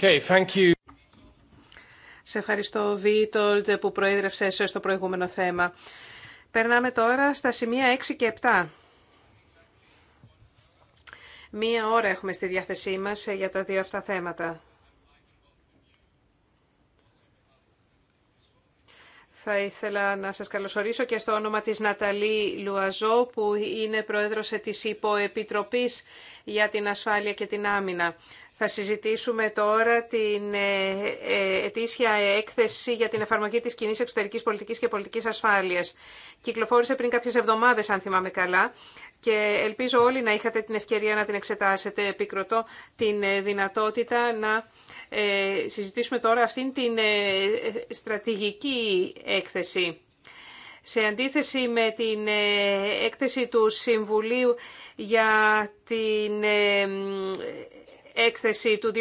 Okay, thank you. Σε ευχαριστώ, Βίτολτ, που προείδρευσε στο προηγούμενο θέμα. Περνάμε τώρα στα σημεία 6 και 7. Μία ώρα έχουμε στη διάθεσή μας για τα δύο αυτά θέματα. Θα ήθελα να σας καλωσορίσω και στο όνομα της Ναταλή Λουαζό, που είναι πρόεδρος της Υποεπιτροπής για την Ασφάλεια και την Άμυνα. Θα συζητήσουμε τώρα την ε, ε, ετήσια έκθεση για την εφαρμογή της κοινή εξωτερικής πολιτικής και πολιτικής ασφάλειας. Κυκλοφόρησε πριν κάποιες εβδομάδες, αν θυμάμαι καλά, και ελπίζω όλοι να είχατε την ευκαιρία να την εξετάσετε. Επικροτώ την ε, δυνατότητα να συζητήσουμε τώρα αυτήν την στρατηγική έκθεση. Σε αντίθεση με την έκθεση του Συμβουλίου για την έκθεση του 2000,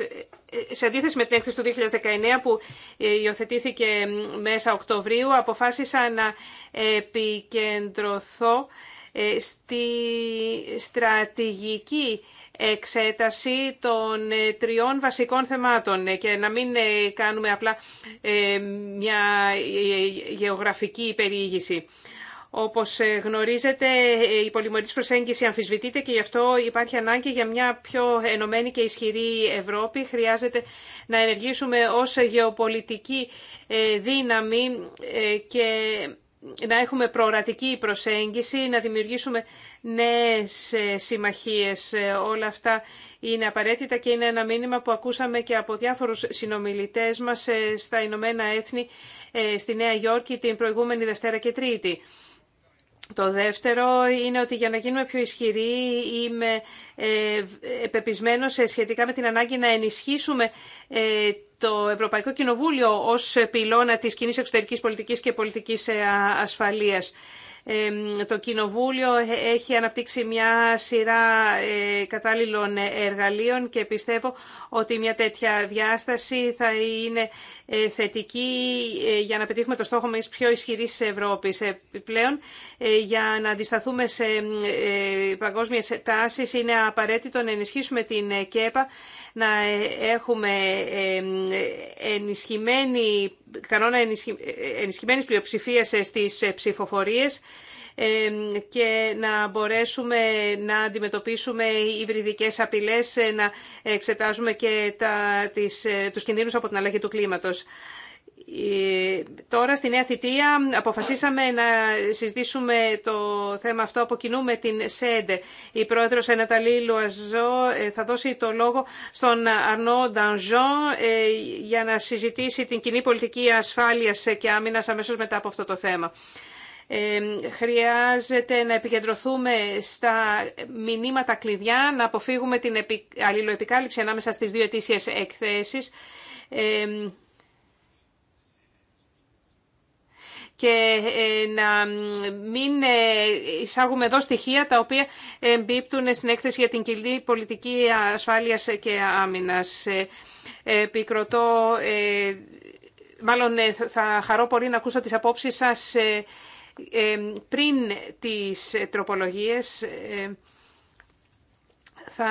ε, σε αντίθεση με την έκθεση του 2019 που ε, υιοθετήθηκε μέσα Οκτωβρίου, αποφάσισα να επικεντρωθώ ε, στη στρατηγική εξέταση των τριών βασικών θεμάτων και να μην κάνουμε απλά μια γεωγραφική περιήγηση. Όπως ε, γνωρίζετε, ε, η πολυμερής προσέγγιση αμφισβητείται και γι' αυτό υπάρχει ανάγκη για μια πιο ενωμένη και ισχυρή Ευρώπη. Χρειάζεται να ενεργήσουμε ως γεωπολιτική ε, δύναμη και να έχουμε προορατική προσέγγιση, να δημιουργήσουμε νέες συμμαχίες. Όλα αυτά είναι απαραίτητα και είναι ένα μήνυμα που ακούσαμε και από διάφορους συνομιλητές μας στα Ηνωμένα Έθνη, στη Νέα Υόρκη την προηγούμενη Δευτέρα και Τρίτη. Το δεύτερο είναι ότι για να γίνουμε πιο ισχυροί είμαι επεπισμένος ε, ε, σχετικά με την ανάγκη να ενισχύσουμε ε, το Ευρωπαϊκό Κοινοβούλιο ως πυλώνα της κοινή εξωτερικής πολιτικής και πολιτικής ασφαλείας το Κοινοβούλιο ε, έχει αναπτύξει μια σειρά ε, κατάλληλων εργαλείων και πιστεύω ότι μια τέτοια διάσταση θα είναι ε, θετική για να πετύχουμε το στόχο μας πιο ισχυρής Ευρώπης. Επιπλέον, για να αντισταθούμε σε παγκόσμιες τάσεις είναι απαραίτητο να ενισχύσουμε την ΚΕΠΑ να ε, έχουμε ε, ενισχυμένη, κανόνα ενισχυ, ε, ενισχυμένης πλειοψηφίας στις ψηφοφορίες και να μπορέσουμε να αντιμετωπίσουμε υβριδικές απειλές, να εξετάζουμε και τα, τις, τους κινδύνους από την αλλαγή του κλίματος. Ε, τώρα στη Νέα Θητεία αποφασίσαμε να συζητήσουμε το θέμα αυτό από κοινού με την ΣΕΝΤΕ. Η πρόεδρος Εναταλή Λουαζό ε, θα δώσει το λόγο στον Αρνό Ντανζό ε, για να συζητήσει την κοινή πολιτική ασφάλειας και άμυνας αμέσως μετά από αυτό το θέμα. Χρειάζεται να επικεντρωθούμε στα μηνύματα κλειδιά, να αποφύγουμε την αλληλοεπικάλυψη ανάμεσα στις δύο ετήσιες εκθέσεις και ε, να μην ε, εισάγουμε εδώ στοιχεία τα οποία εμπίπτουν στην έκθεση για την κοινή πολιτική ασφάλειας και άμυνας. Ε, επικροτώ, μάλλον θα χαρώ πολύ να ακούσω τις απόψεις σας πριν τις τροπολογίες. Θα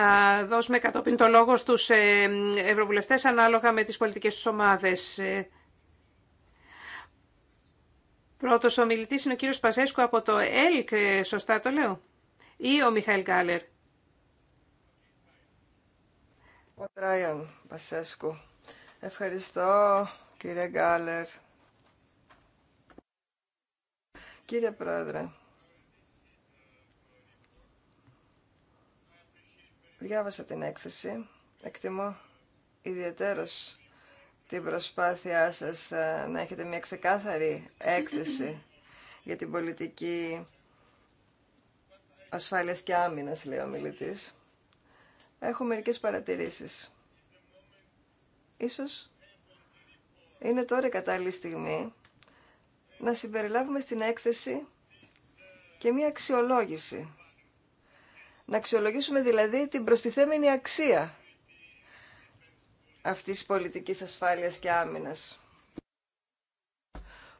δώσουμε κατόπιν το λόγο στους ευρωβουλευτές ανάλογα με τις πολιτικές τους ομάδες. Πρώτος ο είναι ο κύριος Πασέσκου από το ΕΛΚ, ε, σωστά το λέω, ή ο Μιχαήλ Γκάλερ. Ο Τράιαν Πασέσκου. Ευχαριστώ κύριε Γκάλερ. Κύριε Πρόεδρε, διάβασα την έκθεση, εκτιμώ ιδιαίτερος την προσπάθειά σας ε, να έχετε μια ξεκάθαρη έκθεση για την πολιτική ασφάλειας και άμυνας, λέει ο μιλητής. Έχω μερικές παρατηρήσεις. Ίσως είναι τώρα η κατάλληλη στιγμή να συμπεριλάβουμε στην έκθεση και μια αξιολόγηση. Να αξιολογήσουμε δηλαδή την προστιθέμενη αξία αυτής της πολιτικής ασφάλειας και άμυνας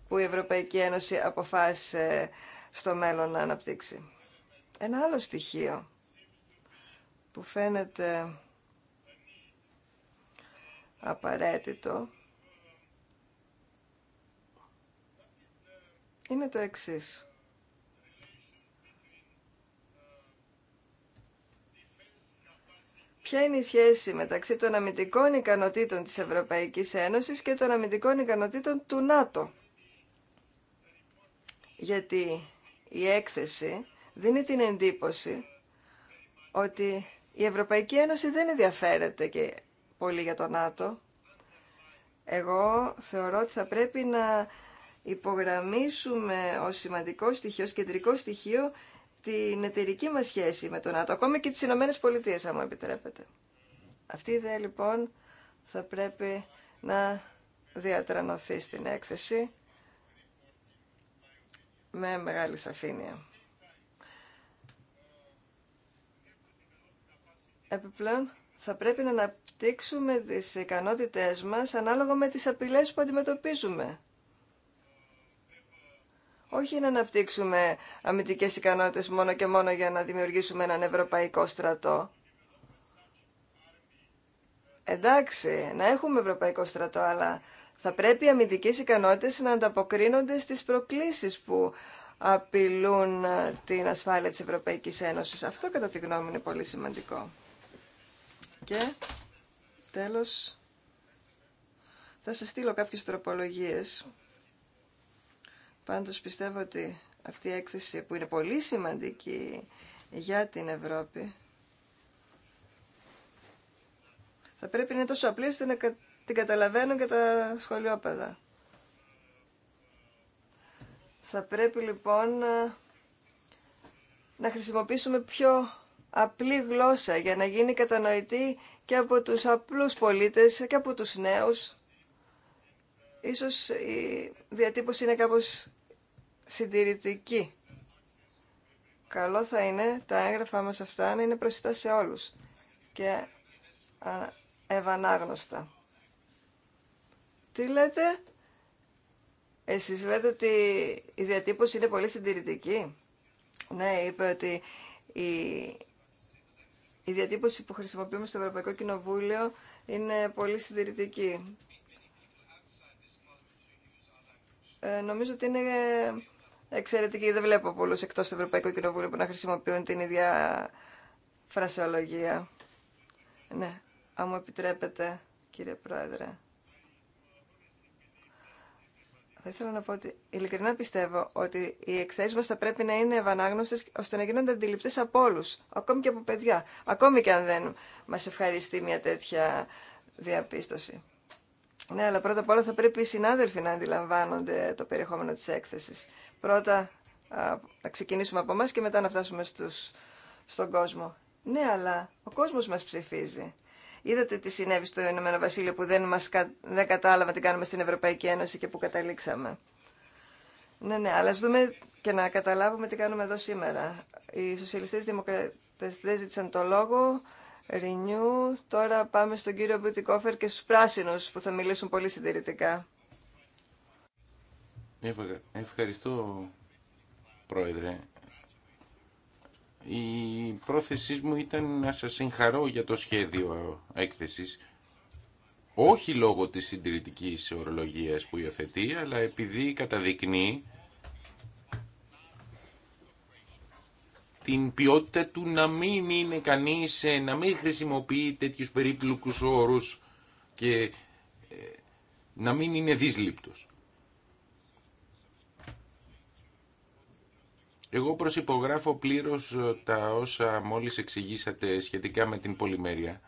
που η Ευρωπαϊκή Ένωση αποφάσισε στο μέλλον να αναπτύξει. Ένα άλλο στοιχείο που φαίνεται απαραίτητο είναι το εξής. Ποια είναι η σχέση μεταξύ των αμυντικών ικανοτήτων της Ευρωπαϊκής Ένωσης και των αμυντικών ικανοτήτων του ΝΑΤΟ. Γιατί η έκθεση δίνει την εντύπωση ότι η Ευρωπαϊκή Ένωση δεν ενδιαφέρεται και πολύ για το ΝΑΤΟ. Εγώ θεωρώ ότι θα πρέπει να υπογραμμίσουμε ως σημαντικό στοιχείο, ως κεντρικό στοιχείο την εταιρική μας σχέση με τον ΝΑΤΟ, ακόμη και τις Ηνωμένε Πολιτείες, αν μου επιτρέπετε. Αυτή η ιδέα, λοιπόν, θα πρέπει να διατρανωθεί στην έκθεση με μεγάλη σαφήνεια. Επιπλέον, θα πρέπει να αναπτύξουμε τις ικανότητές μας ανάλογα με τις απειλές που αντιμετωπίζουμε όχι να αναπτύξουμε αμυντικές ικανότητες μόνο και μόνο για να δημιουργήσουμε έναν ευρωπαϊκό στρατό. Εντάξει, να έχουμε ευρωπαϊκό στρατό, αλλά θα πρέπει οι αμυντικές ικανότητες να ανταποκρίνονται στις προκλήσεις που απειλούν ε, την ασφάλεια της Ευρωπαϊκής Ένωσης. Αυτό κατά τη γνώμη είναι πολύ σημαντικό. Και τέλος θα σας στείλω κάποιες τροπολογίες Πάντως πιστεύω ότι αυτή η έκθεση που είναι πολύ σημαντική για την Ευρώπη θα πρέπει να είναι τόσο απλή ώστε να την καταλαβαίνουν και τα σχολιόπαιδα. Θα πρέπει λοιπόν ε, να χρησιμοποιήσουμε πιο απλή γλώσσα για να γίνει κατανοητή και από τους απλούς πολίτες και από τους νέους Ίσως η διατύπωση είναι κάπως συντηρητική. Καλό θα είναι τα έγγραφά μας αυτά να είναι προσιτά σε όλους και ευανάγνωστα. Τι λέτε? Εσείς λέτε ότι η διατύπωση είναι πολύ συντηρητική. Ναι, είπε ότι η, η διατύπωση που χρησιμοποιούμε στο Ευρωπαϊκό Κοινοβούλιο είναι πολύ συντηρητική. Ε, νομίζω ότι είναι εξαιρετική. Δεν βλέπω πολλούς εκτό του Ευρωπαϊκού Κοινοβούλου που να χρησιμοποιούν την ίδια φρασιολογία. Ναι, αν μου επιτρέπετε, κύριε Πρόεδρε. Θα ήθελα να πω ότι ειλικρινά πιστεύω ότι οι εκθέσει μα θα πρέπει να είναι ευανάγνωστε ώστε να γίνονται αντιληπτέ από όλου, ακόμη και από παιδιά. Ακόμη και αν δεν μα ευχαριστεί μια τέτοια διαπίστωση. Ναι, αλλά πρώτα απ' όλα θα πρέπει οι συνάδελφοι να αντιλαμβάνονται το περιεχόμενο της έκθεσης. Πρώτα να ξεκινήσουμε από εμά και μετά να φτάσουμε στους, στον κόσμο. Ναι, αλλά ο κόσμος μας ψηφίζει. Είδατε τι συνέβη στο Ηνωμένο Βασίλειο που δεν, μας, δεν κατάλαβα τι κάνουμε στην Ευρωπαϊκή Ένωση και που καταλήξαμε. Ναι, ναι, αλλά ας δούμε και να καταλάβουμε τι κάνουμε εδώ σήμερα. Οι σοσιαλιστές δημοκρατές δεν ζήτησαν το λόγο, Renew. Τώρα πάμε στον κύριο Μπουτικόφερ και στους πράσινους που θα μιλήσουν πολύ συντηρητικά. Ευχαριστώ, Πρόεδρε. Η πρόθεσή μου ήταν να σας συγχαρώ για το σχέδιο έκθεσης. Όχι λόγω της συντηρητικής ορολογίας που υιοθετεί, αλλά επειδή καταδεικνύει την ποιότητα του να μην είναι κανείς, ε, να μην χρησιμοποιεί τέτοιους περίπλοκους όρους και ε, να μην είναι δύσληπτος. Εγώ προσυπογράφω πλήρως ε, τα όσα μόλις εξηγήσατε σχετικά με την πολυμέρεια.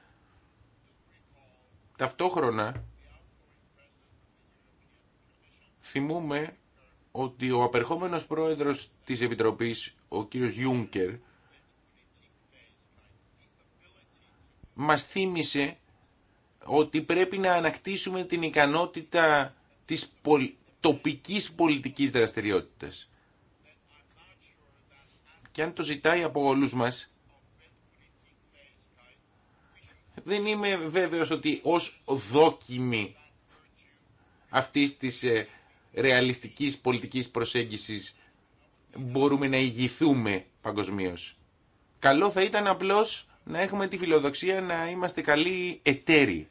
Ταυτόχρονα θυμούμε ότι ο απερχόμενος πρόεδρος της Επιτροπής, ο κύριος Γιούνκερ, μας θύμισε ότι πρέπει να ανακτήσουμε την ικανότητα της τοπικής πολιτικής δραστηριότητας. Και αν το ζητάει από όλους μας, δεν είμαι βέβαιος ότι ως δόκιμη αυτής της ε, ρεαλιστικής πολιτικής προσέγγισης μπορούμε να ηγηθούμε παγκοσμίω. Καλό θα ήταν απλώς να έχουμε τη φιλοδοξία να είμαστε καλοί εταίροι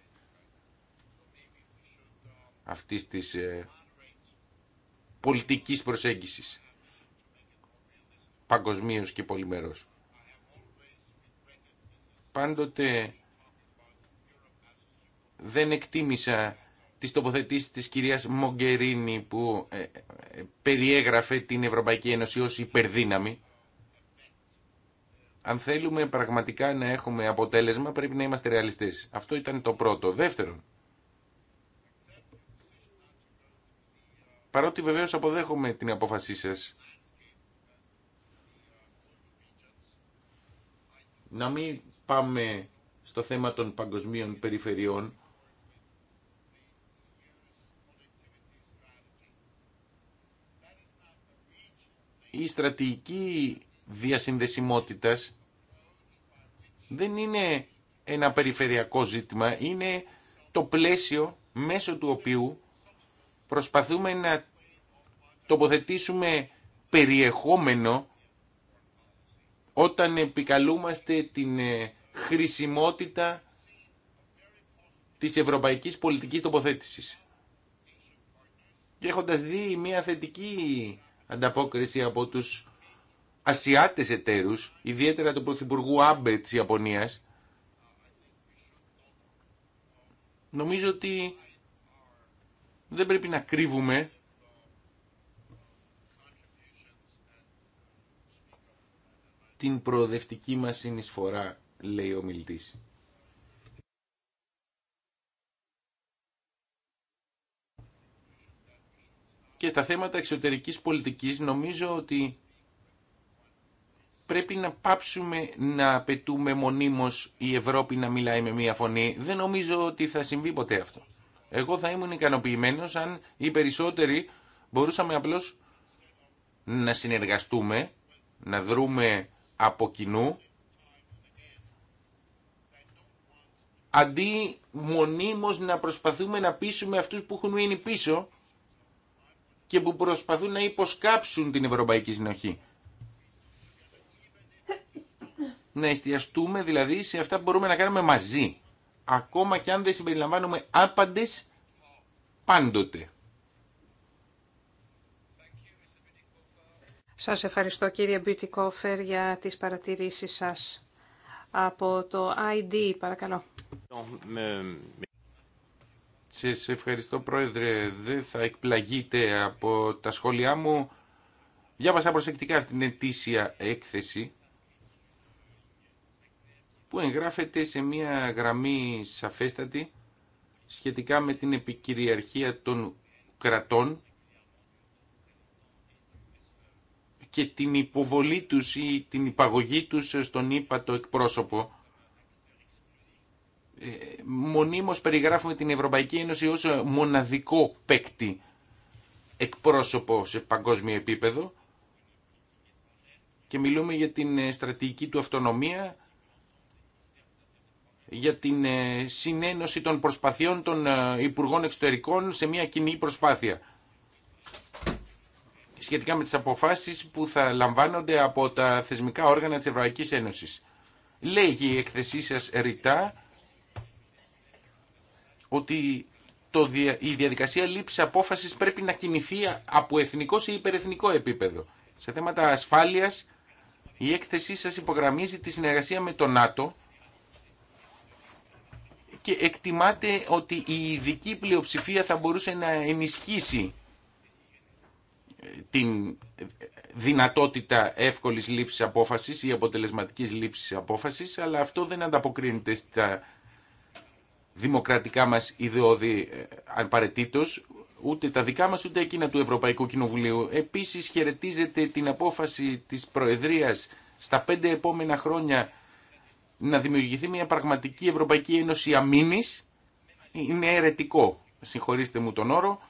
αυτή της ε, πολιτικής προσέγγισης παγκοσμίω και πολυμερός. Πάντοτε δεν εκτίμησα τι τοποθετήσεις της κυρίας Μογκερίνη που ε, ε, περιέγραφε την Ευρωπαϊκή Ένωση ω υπερδύναμη. Αν θέλουμε πραγματικά να έχουμε αποτέλεσμα πρέπει να είμαστε ρεαλιστές. Αυτό ήταν το πρώτο. Δεύτερον, παρότι βεβαίω αποδέχομαι την απόφασή σας να μην πάμε στο θέμα των παγκοσμίων περιφερειών η στρατηγική διασυνδεσιμότητας δεν είναι ένα περιφερειακό ζήτημα, είναι το πλαίσιο μέσω του οποίου προσπαθούμε να τοποθετήσουμε περιεχόμενο όταν επικαλούμαστε την ε, χρησιμότητα της ευρωπαϊκής πολιτικής τοποθέτησης. Και έχοντας δει μια θετική ανταπόκριση από τους Ασιάτες εταίρου, ιδιαίτερα του Πρωθυπουργού Άμπε της Ιαπωνίας. Νομίζω ότι δεν πρέπει να κρύβουμε την προοδευτική μας συνεισφορά, λέει ο μιλητής. και στα θέματα εξωτερικής πολιτικής νομίζω ότι πρέπει να πάψουμε να απαιτούμε μονίμως η Ευρώπη να μιλάει με μία φωνή. Δεν νομίζω ότι θα συμβεί ποτέ αυτό. Εγώ θα ήμουν ικανοποιημένο αν οι περισσότεροι μπορούσαμε απλώς να συνεργαστούμε, να δρούμε από κοινού, αντί μονίμως να προσπαθούμε να πείσουμε αυτούς που έχουν μείνει πίσω και που προσπαθούν να υποσκάψουν την Ευρωπαϊκή Συνοχή. Να εστιαστούμε δηλαδή σε αυτά που μπορούμε να κάνουμε μαζί. Ακόμα και αν δεν συμπεριλαμβάνουμε άπαντες πάντοτε. Σας ευχαριστώ κύριε Μπιουτικόφερ για τις παρατηρήσεις σας. Από το ID παρακαλώ. Σε ευχαριστώ Πρόεδρε. Δεν θα εκπλαγείτε από τα σχόλιά μου. Διάβασα προσεκτικά αυτήν την ετήσια έκθεση που εγγράφεται σε μια γραμμή σαφέστατη σχετικά με την επικυριαρχία των κρατών και την υποβολή τους ή την υπαγωγή τους στον ύπατο εκπρόσωπο μονίμως περιγράφουμε την Ευρωπαϊκή Ένωση ως μοναδικό παίκτη εκπρόσωπο σε παγκόσμιο επίπεδο και μιλούμε για την ε, στρατηγική του αυτονομία, για την ε, συνένωση των προσπαθειών των ε, Υπουργών Εξωτερικών σε μια κοινή προσπάθεια σχετικά με τις αποφάσεις που θα λαμβάνονται από τα θεσμικά όργανα της Ευρωπαϊκής Ένωσης. Λέγει η εκθεσή σας ρητά ότι το, η διαδικασία λήψη απόφαση πρέπει να κινηθεί από εθνικό σε υπερεθνικό επίπεδο. Σε θέματα ασφάλειας η έκθεσή σας υπογραμμίζει τη συνεργασία με το ΝΑΤΟ και εκτιμάτε ότι η ειδική πλειοψηφία θα μπορούσε να ενισχύσει ε, την δυνατότητα εύκολης λήψης απόφασης ή αποτελεσματικής λήψης απόφασης, αλλά αυτό δεν ανταποκρίνεται στα δημοκρατικά μας ιδεώδη ε, παρετήτως ούτε τα δικά μας ούτε εκείνα του Ευρωπαϊκού Κοινοβουλίου. Επίσης χαιρετίζεται την απόφαση της Προεδρίας στα πέντε επόμενα χρόνια να δημιουργηθεί μια πραγματική Ευρωπαϊκή Ένωση αμήνης. Είναι αιρετικό, συγχωρήστε μου τον όρο.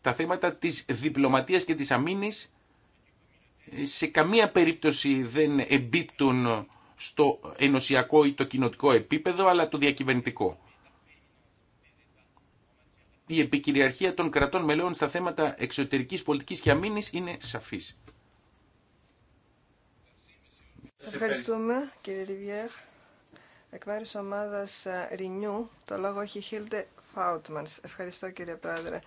Τα θέματα της διπλωματίας και της αμήνης σε καμία περίπτωση δεν εμπίπτουν στο ενωσιακό ή το κοινοτικό επίπεδο, αλλά το διακυβερνητικό. Η επικυριαρχία των κρατών μελών στα θέματα εξωτερικής πολιτικής και αμήνης είναι σαφής. Σας ευχαριστούμε κύριε Ριβιέρ. Εκ μέρους ομάδας Renew, το λόγο έχει Χίλτε Φάουτμανς. Ευχαριστώ κύριε Πρόεδρε.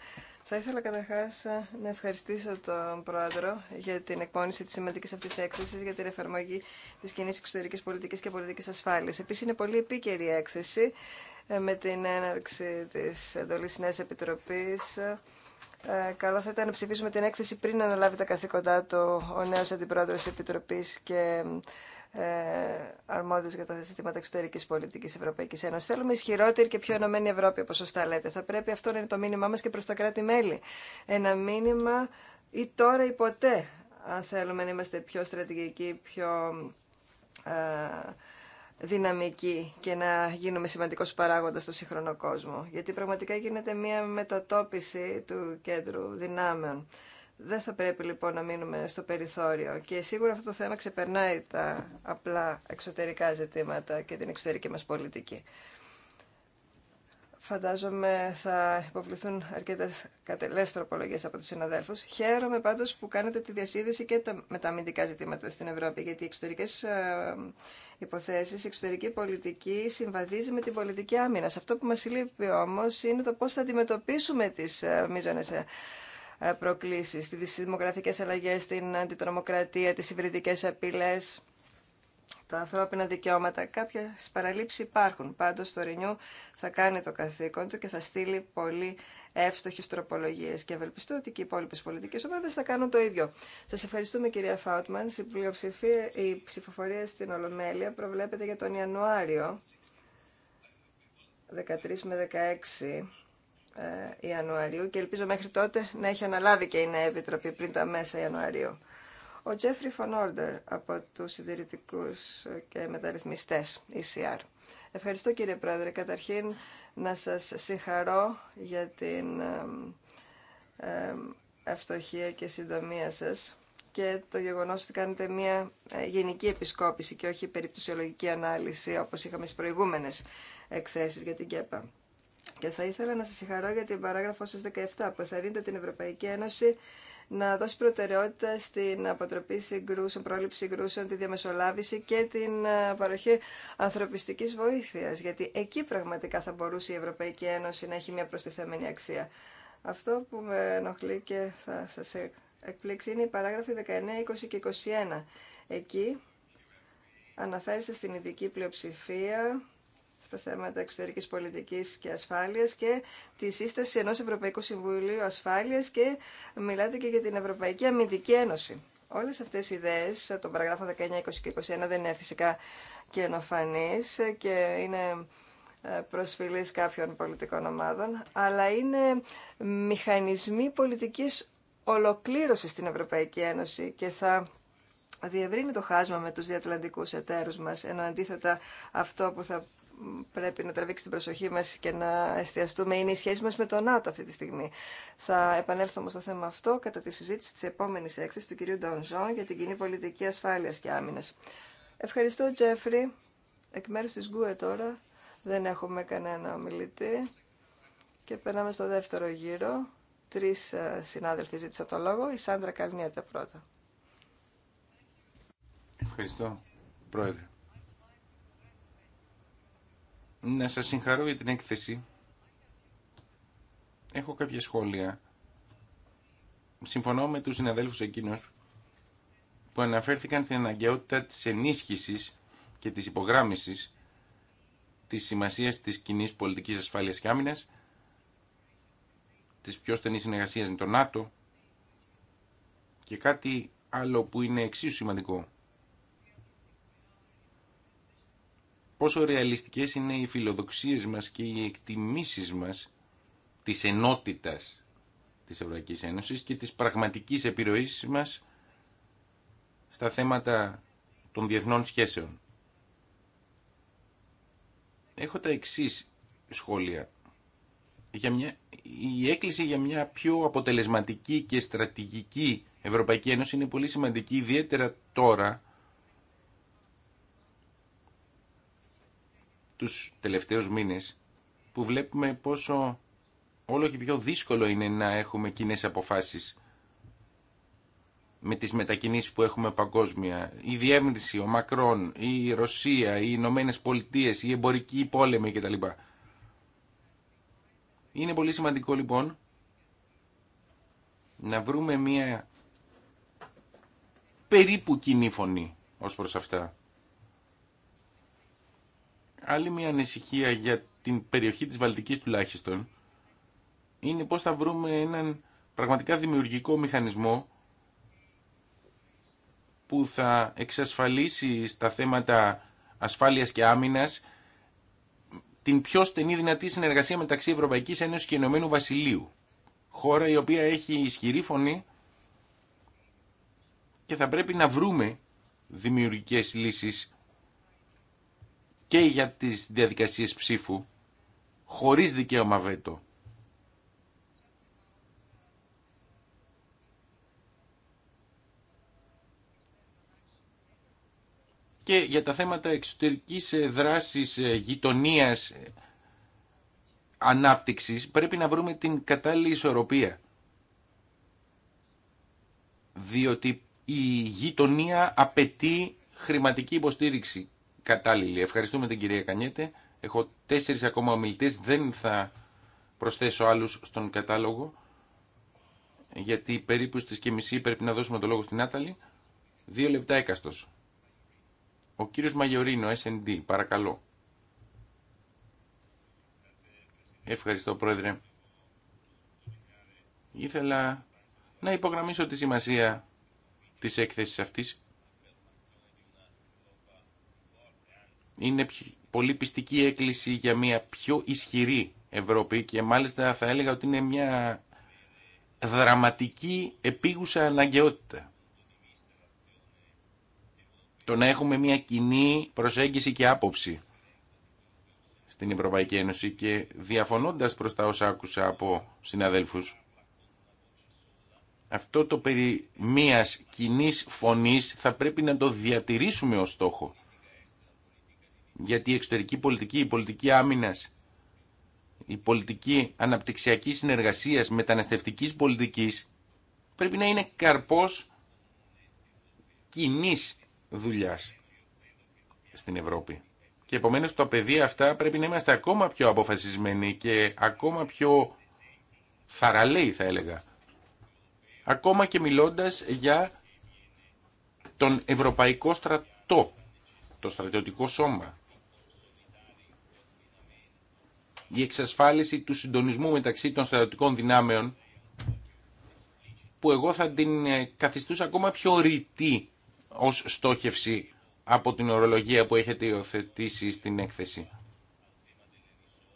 Θα ήθελα καταρχά ε, να ευχαριστήσω τον Πρόεδρο για την εκπόνηση τη σημαντικής αυτής έκθεσης για την εφαρμογή της κοινή εξωτερική Πολιτική και πολιτική ασφάλειας. Επίσης είναι πολύ επίκαιρη η έκθεση ε, με την έναρξη της εντολής επιτροπή. Επιτροπής. Ε, καλό θα ήταν να ψηφίσουμε την έκθεση πριν αναλάβει τα καθήκοντά του ο νέος Αντιπρόεδρος Επιτροπής και ε, αρμόδιο για τα ζητήματα εξωτερική πολιτική Ευρωπαϊκή Ένωση. Θέλουμε ισχυρότερη και πιο ενωμένη Ευρώπη, όπω σωστά λέτε. Θα πρέπει αυτό να είναι το μήνυμά μα και προ τα κράτη-μέλη. Ένα μήνυμα ή τώρα ή ποτέ, αν θέλουμε να είμαστε πιο στρατηγικοί, πιο ε, δυναμικοί και να γίνουμε σημαντικός παράγοντας στο σύγχρονο κόσμο. Γιατί πραγματικά γίνεται μια μετατόπιση του κέντρου δυνάμεων. Δεν θα πρέπει λοιπόν να μείνουμε στο περιθώριο και σίγουρα αυτό το θέμα ξεπερνάει τα απλά εξωτερικά ζητήματα και την εξωτερική μας πολιτική. Φαντάζομαι θα υποβληθούν αρκετέ κατελές τροπολογίε από τους συναδέλφους. Χαίρομαι πάντως που κάνετε τη διασύνδεση και με τα αμυντικά ζητήματα στην Ευρώπη, γιατί οι εξωτερικέ ε, υποθέσεις, η εξωτερική πολιτική συμβαδίζει με την πολιτική άμυνα. Αυτό που μας λείπει όμως είναι το πώς θα αντιμετωπίσουμε τι ε, μείζονε ε, ε, προκλήσεις, τις δημογραφικές αλλαγές, την αντιτρομοκρατία, τις υβριδικές απειλές, τα ανθρώπινα δικαιώματα. Κάποιες παραλήψεις υπάρχουν. Πάντως το Ρινιού θα κάνει το καθήκον του και θα στείλει πολύ εύστοχε τροπολογίε και ευελπιστώ ότι και οι υπόλοιπε πολιτικέ ομάδε θα κάνουν το ίδιο. Σα ευχαριστούμε κυρία Φάουτμαν. Η, πλειοψηφία, η ψηφοφορία στην Ολομέλεια προβλέπεται για τον Ιανουάριο 13 με 16 ε, Ιανουαρίου και ελπίζω μέχρι τότε να έχει αναλάβει και η Νέα Επιτροπή πριν τα μέσα Ιανουαρίου. Ο Τζέφρι Φονόρντερ από τους συντηρητικούς και μεταρρυθμιστές ECR. Ευχαριστώ κύριε Πρόεδρε. Καταρχήν να σας συγχαρώ για την ε, ευστοχία και συντομία σας και το γεγονός ότι κάνετε μια ε, γενική επισκόπηση και όχι περιπτωσιολογική ανάλυση όπως είχαμε στις προηγούμενες εκθέσεις για την ΚΕΠΑ. Και θα ήθελα να σας συγχαρώ για την παράγραφό σας 17 που εθαρρύνεται την Ευρωπαϊκή Ένωση να δώσει προτεραιότητα στην αποτροπή συγκρούσεων, πρόληψη συγκρούσεων, τη διαμεσολάβηση και την ε, παροχή ανθρωπιστικής βοήθειας. Γιατί εκεί πραγματικά θα μπορούσε η Ευρωπαϊκή Ένωση να έχει μια προστιθέμενη αξία. Αυτό που με ενοχλεί και θα σας ε, εκπλήξει είναι η παράγραφη 19, 20 και 21. Εκεί αναφέρεστε στην ειδική πλειοψηφία στα θέματα εξωτερική πολιτική και ασφάλεια και τη σύσταση ενό Ευρωπαϊκού Συμβουλίου Ασφάλειας και μιλάτε και για την Ευρωπαϊκή Αμυντική Ένωση. Όλε αυτέ οι ιδέε, των παραγράφων 19, 20 και 21 δεν είναι φυσικά καινοφανεί και είναι ε, προσφυλής κάποιων πολιτικών ομάδων, αλλά είναι μηχανισμοί πολιτικής ολοκλήρωσης στην Ευρωπαϊκή Ένωση και θα διευρύνει το χάσμα με τους διατλαντικούς εταίρους μας, ενώ αντίθετα αυτό που θα πρέπει να τραβήξει την προσοχή μας και να εστιαστούμε είναι η σχέση μας με το ΝΑΤΟ αυτή τη στιγμή. Θα επανέλθω όμως στο θέμα αυτό κατά τη συζήτηση της επόμενης έκθεσης του κυρίου Ντονζόν για την κοινή πολιτική ασφάλειας και άμυνας. Ευχαριστώ, Τζέφρι. Εκ μέρους της Γκουε τώρα δεν έχουμε κανένα ομιλητή. Και περνάμε στο δεύτερο γύρο. Τρεις ε, συνάδελφοι ζήτησαν το λόγο. Η Σάντρα Καλνιέτα πρώτα. Ευχαριστώ, Πρόεδρε να σας συγχαρώ για την έκθεση. Έχω κάποια σχόλια. Συμφωνώ με τους συναδέλφους εκείνους που αναφέρθηκαν στην αναγκαιότητα της ενίσχυσης και της υπογράμμισης της σημασίας της κοινή πολιτικής ασφάλειας και άμυνας, της πιο στενής συνεργασίας με τον ΝΑΤΟ και κάτι άλλο που είναι εξίσου σημαντικό πόσο ρεαλιστικές είναι οι φιλοδοξίες μας και οι εκτιμήσεις μας της ενότητας της Ευρωπαϊκής Ένωσης και της πραγματικής επιρροής μας στα θέματα των διεθνών σχέσεων. Έχω τα εξής σχόλια. Για μια, η έκκληση για μια πιο αποτελεσματική και στρατηγική Ευρωπαϊκή Ένωση είναι πολύ σημαντική, ιδιαίτερα τώρα τους τελευταίους μήνες που βλέπουμε πόσο όλο και πιο δύσκολο είναι να έχουμε κοινέ αποφάσεις με τις μετακινήσεις που έχουμε παγκόσμια. Η διεύρυνση, ο Μακρόν, η Ρωσία, οι Ηνωμένε Πολιτείε, η εμπορική πόλεμη κτλ. Είναι πολύ σημαντικό λοιπόν να βρούμε μια περίπου κοινή φωνή ως προς αυτά. Άλλη μια ανησυχία για την περιοχή της Βαλτικής τουλάχιστον είναι πώς θα βρούμε έναν πραγματικά δημιουργικό μηχανισμό που θα εξασφαλίσει στα θέματα ασφάλειας και άμυνας την πιο στενή δυνατή συνεργασία μεταξύ Ευρωπαϊκής Ένωσης και Ενωμένου Βασιλείου. Χώρα η οποία έχει ισχυρή φωνή και θα πρέπει να βρούμε δημιουργικές λύσεις και για τις διαδικασίες ψήφου χωρίς δικαίωμα βέτο. Και για τα θέματα εξωτερικής ε, δράσης, ε, γειτονίας, ε, ανάπτυξης πρέπει να βρούμε την κατάλληλη ισορροπία. Διότι η γειτονία απαιτεί χρηματική υποστήριξη κατάλληλη. Ευχαριστούμε την κυρία Κανιέτε. Έχω τέσσερις ακόμα ομιλητέ. δεν θα προσθέσω άλλου στον κατάλογο, γιατί περίπου στις και μισή πρέπει να δώσουμε το λόγο στην Άταλη. Δύο λεπτά έκαστο. Ο κύριος Μαγιορίνο, SND, παρακαλώ. Ευχαριστώ, Πρόεδρε. Ήθελα να υπογραμμίσω τη σημασία της έκθεσης αυτής είναι πολύ πιστική έκκληση για μια πιο ισχυρή Ευρώπη και μάλιστα θα έλεγα ότι είναι μια δραματική επίγουσα αναγκαιότητα. Το να έχουμε μια κοινή προσέγγιση και άποψη στην Ευρωπαϊκή Ένωση και διαφωνώντας προς τα όσα άκουσα από συναδέλφους αυτό το περί μίας κοινής φωνής θα πρέπει να το διατηρήσουμε ως στόχο γιατί η εξωτερική πολιτική, η πολιτική άμυνας, η πολιτική αναπτυξιακή συνεργασίας, μεταναστευτικής πολιτικής πρέπει να είναι καρπός κοινή δουλειά στην Ευρώπη. Και επομένως τα παιδί αυτά πρέπει να είμαστε ακόμα πιο αποφασισμένοι και ακόμα πιο θαραλέοι θα έλεγα. Ακόμα και μιλώντας για τον Ευρωπαϊκό Στρατό, το στρατιωτικό σώμα. η εξασφάλιση του συντονισμού μεταξύ των στρατιωτικών δυνάμεων που εγώ θα την ε, καθιστούσα ακόμα πιο ρητή ως στόχευση από την ορολογία που έχετε υιοθετήσει στην έκθεση.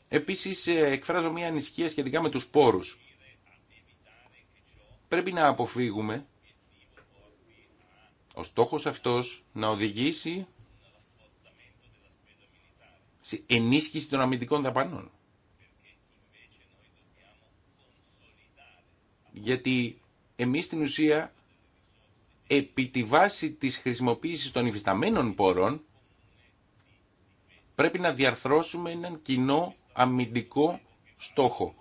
Επίσης ε, εκφράζω μια ανησυχία σχετικά με τους πόρους. Πρέπει να αποφύγουμε ο στόχος αυτός να οδηγήσει σε ενίσχυση των αμυντικών δαπανών. γιατί εμείς στην ουσία επί τη βάση της χρησιμοποίησης των υφισταμένων πόρων πρέπει να διαρθρώσουμε έναν κοινό αμυντικό στόχο.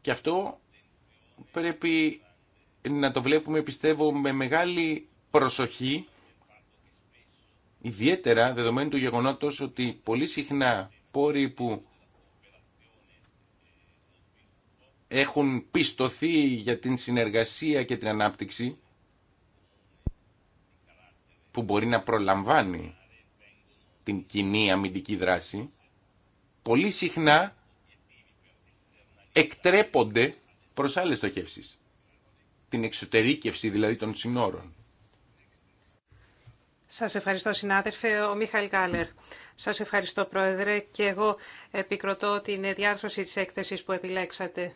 Και αυτό πρέπει να το βλέπουμε πιστεύω με μεγάλη προσοχή ιδιαίτερα δεδομένου του γεγονότος ότι πολύ συχνά πόροι που έχουν πιστωθεί για την συνεργασία και την ανάπτυξη που μπορεί να προλαμβάνει την κοινή αμυντική δράση, πολύ συχνά εκτρέπονται προς άλλες στοχεύσεις. Την εξωτερήκευση δηλαδή των συνόρων. Σας ευχαριστώ συνάδελφε, ο Μίχαηλ Κάλερ. Σας ευχαριστώ πρόεδρε και εγώ επικροτώ την διάρθρωση της έκθεσης που επιλέξατε.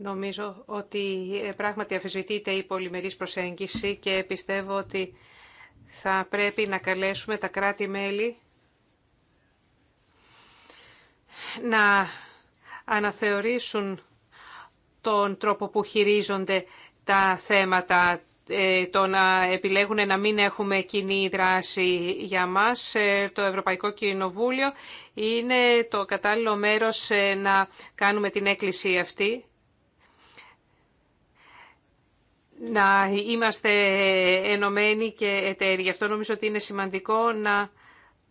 Νομίζω ότι ε, πράγματι αφισβητείται η πολυμερής προσέγγιση και πιστεύω ότι θα πρέπει να καλέσουμε τα κράτη-μέλη να αναθεωρήσουν τον τρόπο που χειρίζονται τα θέματα, ε, το να επιλέγουν να μην έχουμε κοινή δράση για μας. Ε, το Ευρωπαϊκό Κοινοβούλιο είναι το κατάλληλο μέρος να κάνουμε την έκκληση αυτή. να είμαστε ενωμένοι και εταίροι. Γι' αυτό νομίζω ότι είναι σημαντικό να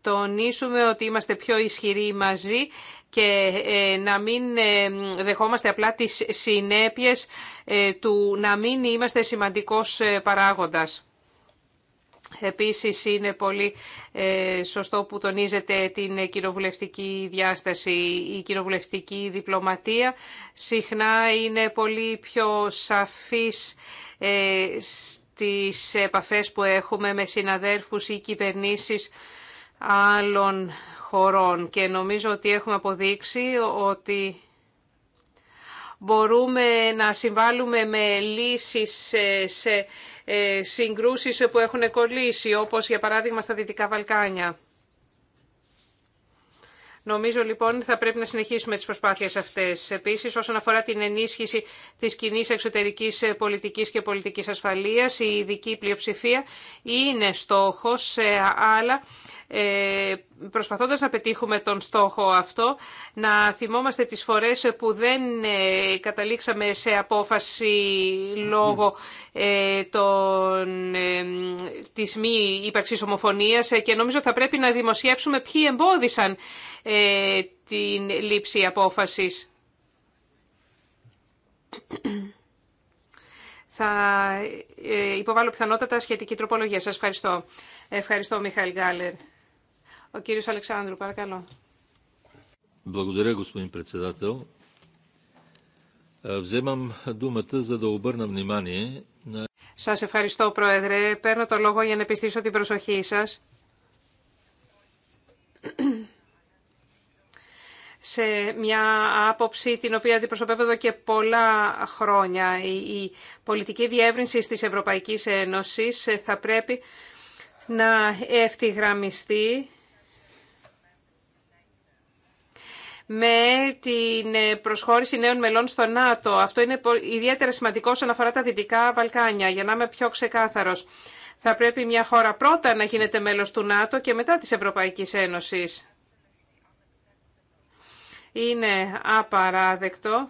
τονίσουμε ότι είμαστε πιο ισχυροί μαζί και ε, να μην ε, δεχόμαστε απλά τις συνέπειες ε, του να μην είμαστε σημαντικός παράγοντας. Επίσης είναι πολύ ε, σωστό που τονίζετε την κοινοβουλευτική διάσταση. Η κοινοβουλευτική διπλωματία συχνά είναι πολύ πιο σαφής ε, στις επαφές που έχουμε με συναδέρφους ή κυβερνήσεις άλλων χωρών και νομίζω ότι έχουμε αποδείξει ότι μπορούμε να συμβάλλουμε με λύσεις ε, σε ε, συγκρούσεις που έχουν κολλήσει, όπως για παράδειγμα στα Δυτικά Βαλκάνια. Νομίζω λοιπόν θα πρέπει να συνεχίσουμε τις προσπάθειες αυτές. Επίσης όσον αφορά την ενίσχυση της κοινή εξωτερικής πολιτικής και πολιτικής ασφαλείας, η ειδική πλειοψηφία είναι στόχος, ε, αλλά ε, προσπαθώντας να πετύχουμε τον στόχο αυτό, να θυμόμαστε τις φορές που δεν ε, καταλήξαμε σε απόφαση λόγω ε, τη της μη ύπαρξης ομοφωνίας και νομίζω θα πρέπει να δημοσιεύσουμε ποιοι εμπόδισαν την λήψη απόφασης. Θα υποβάλω πιθανότατα σχετική τροπολογία. Σας ευχαριστώ. Ευχαριστώ, Μιχαήλ Γκάλερ. Ο κύριος Αλεξάνδρου, παρακαλώ. Благодаря, господин председател. Вземам думата, за Σας ευχαριστώ, Πρόεδρε. Παίρνω το λόγο για να επιστήσω την προσοχή σας σε μια άποψη την οποία αντιπροσωπεύω εδώ και πολλά χρόνια. Η πολιτική διεύρυνση της Ευρωπαϊκής Ένωσης θα πρέπει να ευθυγραμμιστεί με την ε, προσχώρηση νέων μελών στο ΝΑΤΟ. Αυτό είναι ιδιαίτερα σημαντικό όσον αφορά τα Δυτικά Βαλκάνια. Για να είμαι πιο ξεκάθαρος, θα πρέπει μια χώρα πρώτα να γίνεται μέλος του ΝΑΤΟ και μετά της Ευρωπαϊκής Ένωσης. Είναι απαράδεκτο